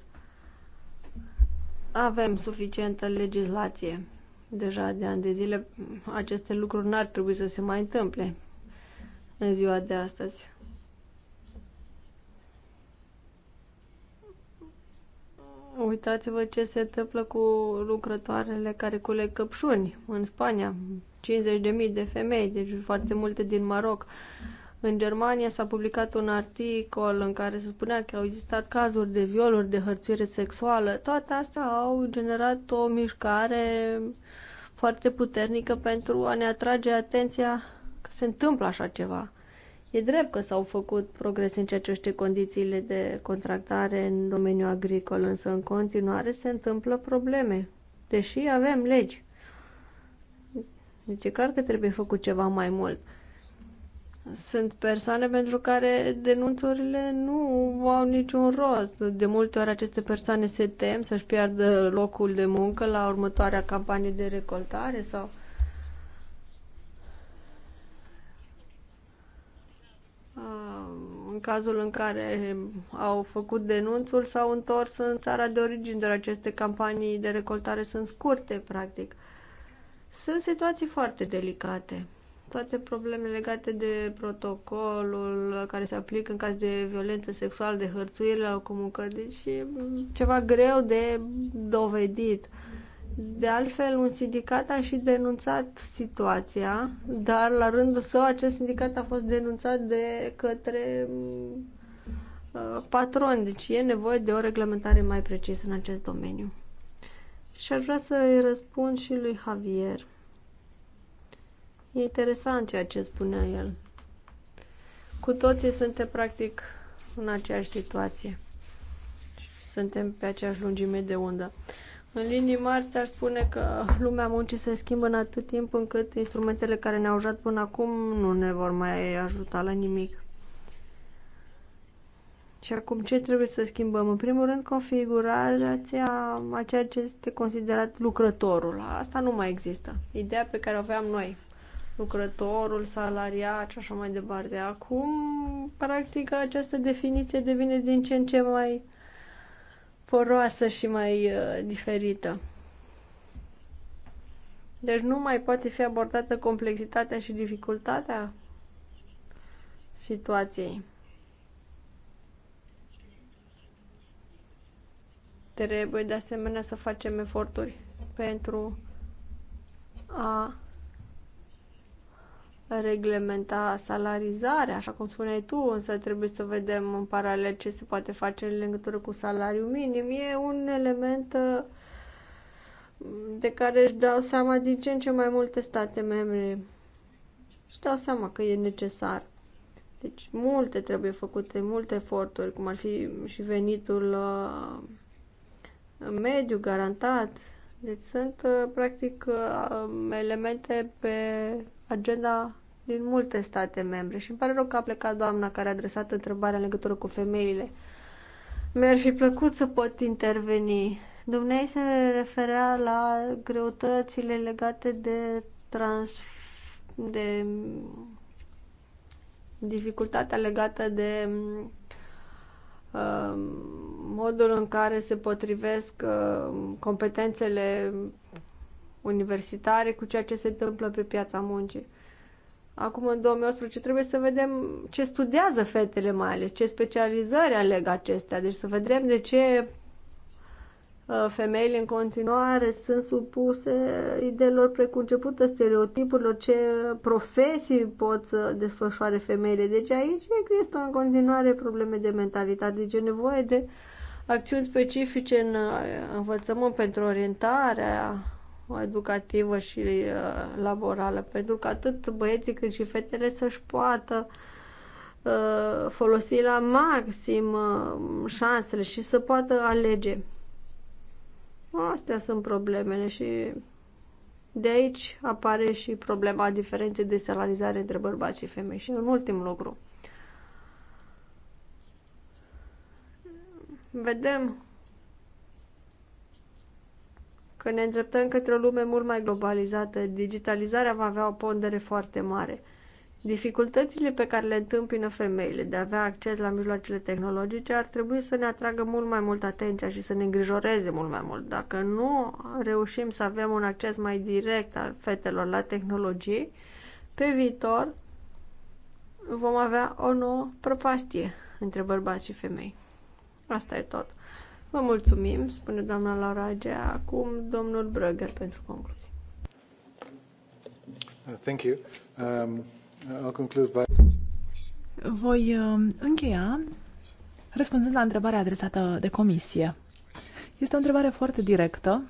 Avem suficientă legislație. Deja de ani de zile aceste lucruri n-ar trebui să se mai întâmple în ziua de astăzi. Uitați-vă ce se întâmplă cu lucrătoarele care culeg căpșuni în Spania. 50.000 de femei, deci foarte multe din Maroc. În Germania s-a publicat un articol în care se spunea că au existat cazuri de violuri, de hărțuire sexuală. Toate astea au generat o mișcare foarte puternică pentru a ne atrage atenția că se întâmplă așa ceva. E drept că s-au făcut progrese în ceea ce este condițiile de contractare în domeniul agricol, însă în continuare se întâmplă probleme, deși avem legi. Deci e clar că trebuie făcut ceva mai mult. Sunt persoane pentru care denunțurile nu au niciun rost. De multe ori aceste persoane se tem să-și piardă locul de muncă la următoarea campanie de recoltare sau cazul în care au făcut denunțul, s-au întors în țara de origine, dar aceste campanii de recoltare sunt scurte, practic. Sunt situații foarte delicate. Toate problemele legate de protocolul care se aplică în caz de violență sexuală, de hărțuire la o comunică, deci e ceva greu de dovedit. De altfel, un sindicat a și denunțat situația, dar la rândul său acest sindicat a fost denunțat de către mm, uh, patroni, deci e nevoie de o reglementare mai precisă în acest domeniu. Și aș vrea să îi răspund și lui Javier. E interesant ceea ce spunea el. Cu toții suntem practic în aceeași situație. Suntem pe aceeași lungime de undă. În linii mari, ți ar spune că lumea muncii se schimbă în atât timp încât instrumentele care ne-au ajutat până acum nu ne vor mai ajuta la nimic. Și acum ce trebuie să schimbăm? În primul rând, configurația a ceea ce este considerat lucrătorul. Asta nu mai există. Ideea pe care o aveam noi, lucrătorul, salariat și așa mai departe. Acum, practic, această definiție devine din ce în ce mai poroasă și mai uh, diferită. Deci nu mai poate fi abordată complexitatea și dificultatea situației. Trebuie de asemenea să facem eforturi pentru a reglementa salarizarea, așa cum spuneai tu, însă trebuie să vedem în paralel ce se poate face în legătură cu salariul minim. E un element uh, de care își dau seama din ce în ce mai multe state membre. Își dau seama că e necesar. Deci multe trebuie făcute, multe eforturi, cum ar fi și venitul uh, mediu garantat. Deci sunt uh, practic elemente pe agenda din multe state membre și îmi pare rău că a plecat doamna care a adresat întrebarea în legătură cu femeile. Mi-ar fi plăcut să pot interveni. Dumnezeu se referea la greutățile legate de trans... de dificultatea legată de uh, modul în care se potrivesc uh, competențele universitare cu ceea ce se întâmplă pe piața muncii. Acum, în 2018, trebuie să vedem ce studiază fetele, mai ales ce specializări aleg acestea. Deci să vedem de ce uh, femeile în continuare sunt supuse ideilor preconcepute, stereotipurilor, ce profesii pot să desfășoare femeile. Deci aici există în continuare probleme de mentalitate, deci e nevoie de acțiuni specifice în uh, învățământ pentru orientarea educativă și uh, laborală, pentru că atât băieții cât și fetele să-și poată uh, folosi la maxim uh, șansele și să poată alege. Astea sunt problemele și de aici apare și problema diferenței de salarizare între bărbați și femei. Și un ultim lucru. Vedem că ne îndreptăm către o lume mult mai globalizată. Digitalizarea va avea o pondere foarte mare. Dificultățile pe care le întâmpină femeile de a avea acces la mijloacele tehnologice ar trebui să ne atragă mult mai mult atenția și să ne îngrijoreze mult mai mult. Dacă nu reușim să avem un acces mai direct al fetelor la tehnologie, pe viitor vom avea o nouă prăpastie între bărbați și femei. Asta e tot. Vă mulțumim, spune doamna Laura Agea. Acum domnul Brăger pentru concluzie.
Uh, thank you. Um, I'll conclude by...
Voi uh, încheia răspunzând la întrebarea adresată de comisie. Este o întrebare foarte directă.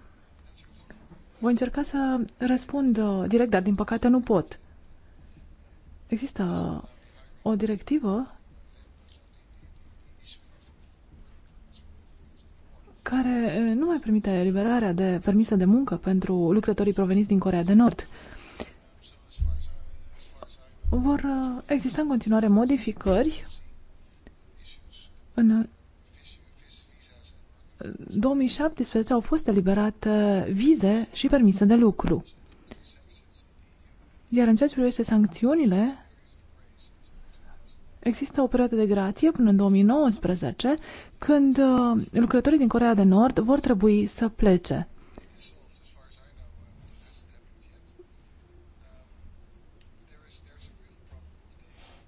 Voi încerca să răspund uh, direct, dar din păcate nu pot. Există o directivă care eh, nu mai permite eliberarea de permisă de muncă pentru lucrătorii proveniți din Corea de Nord. Vor eh, exista în continuare modificări în 2017 eh, au fost eliberate vize și permise de lucru. Iar în ceea ce privește sancțiunile, Există o perioadă de grație până în 2019, când uh, lucrătorii din Corea de Nord vor trebui să plece.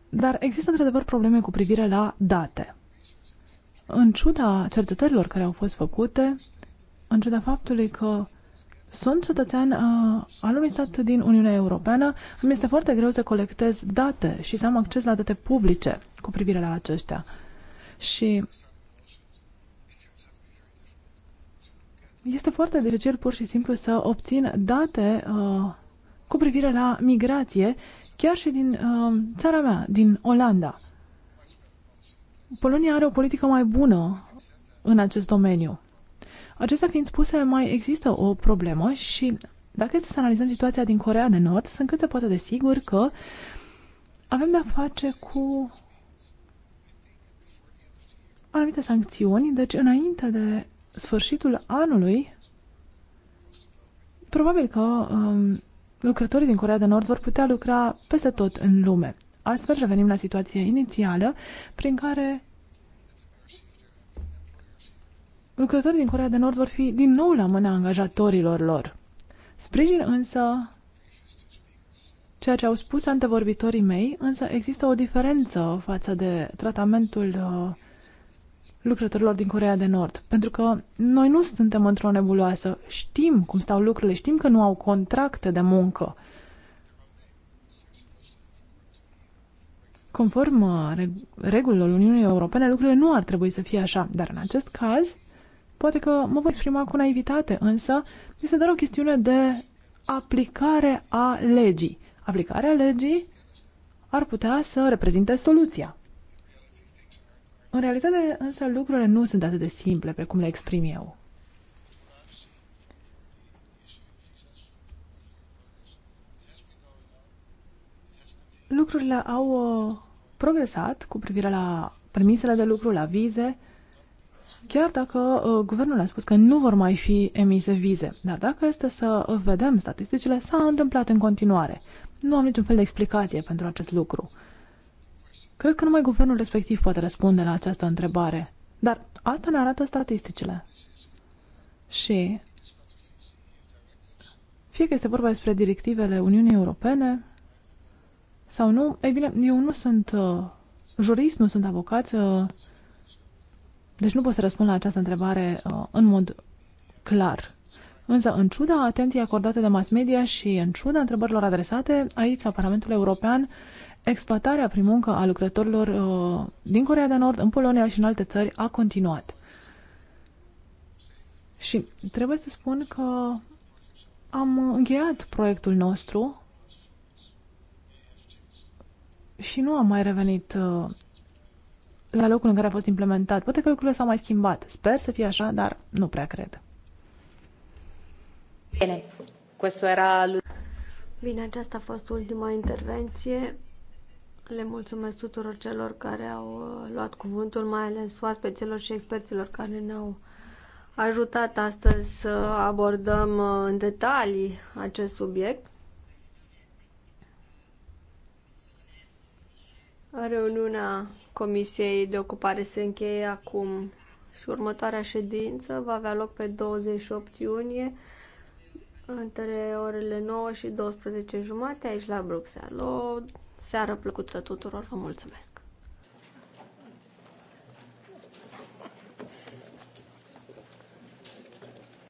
Dar există într-adevăr probleme cu privire la date. În ciuda cercetărilor care au fost făcute, în ciuda faptului că sunt cetățean uh, al unui stat din Uniunea Europeană. Îmi este foarte greu să colectez date și să am acces la date publice cu privire la aceștia. Și este foarte dificil pur și simplu să obțin date uh, cu privire la migrație, chiar și din uh, țara mea, din Olanda. Polonia are o politică mai bună în acest domeniu. Acestea fiind spuse, mai există o problemă și dacă este să analizăm situația din Corea de Nord, sunt cât se poate de sigur că avem de-a face cu anumite sancțiuni, deci înainte de sfârșitul anului, probabil că um, lucrătorii din Corea de Nord vor putea lucra peste tot în lume. Astfel revenim la situația inițială, prin care lucrătorii din Corea de Nord vor fi din nou la mâna angajatorilor lor. Sprijin însă ceea ce au spus antevorbitorii mei, însă există o diferență față de tratamentul uh, lucrătorilor din Corea de Nord. Pentru că noi nu suntem într-o nebuloasă. Știm cum stau lucrurile, știm că nu au contracte de muncă. Conform uh, regulilor Uniunii Europene, lucrurile nu ar trebui să fie așa, dar în acest caz Poate că mă voi exprima cu naivitate, însă este doar o chestiune de aplicare a legii. Aplicarea legii ar putea să reprezinte soluția. În realitate, însă, lucrurile nu sunt atât de simple precum le exprim eu. Lucrurile au uh, progresat cu privire la permisele de lucru, la vize, chiar dacă uh, guvernul a spus că nu vor mai fi emise vize. Dar dacă este să vedem statisticile, s-a întâmplat în continuare. Nu am niciun fel de explicație pentru acest lucru. Cred că numai guvernul respectiv poate răspunde la această întrebare. Dar asta ne arată statisticile. Și fie că este vorba despre directivele Uniunii Europene sau nu, ei bine, eu nu sunt uh, jurist, nu sunt avocat, uh, deci nu pot să răspund la această întrebare uh, în mod clar. Însă, în ciuda atenției acordate de mass media și în ciuda întrebărilor adresate, aici, la Parlamentul European, exploatarea prin muncă a lucrătorilor uh, din Corea de Nord, în Polonia și în alte țări a continuat. Și trebuie să spun că am încheiat proiectul nostru și nu am mai revenit uh, la locul în care a fost implementat. Poate că lucrurile s-au mai schimbat. Sper să fie așa, dar nu prea cred.
Bine, questo era... Bine, aceasta a fost ultima intervenție. Le mulțumesc tuturor celor care au uh, luat cuvântul, mai ales oaspeților și experților care ne-au ajutat astăzi să abordăm uh, în detalii acest subiect. Reuniunea Comisiei de Ocupare se încheie acum și următoarea ședință va avea loc pe 28 iunie între orele 9 și 12 jumate aici la Bruxelles. O seară plăcută tuturor, vă mulțumesc!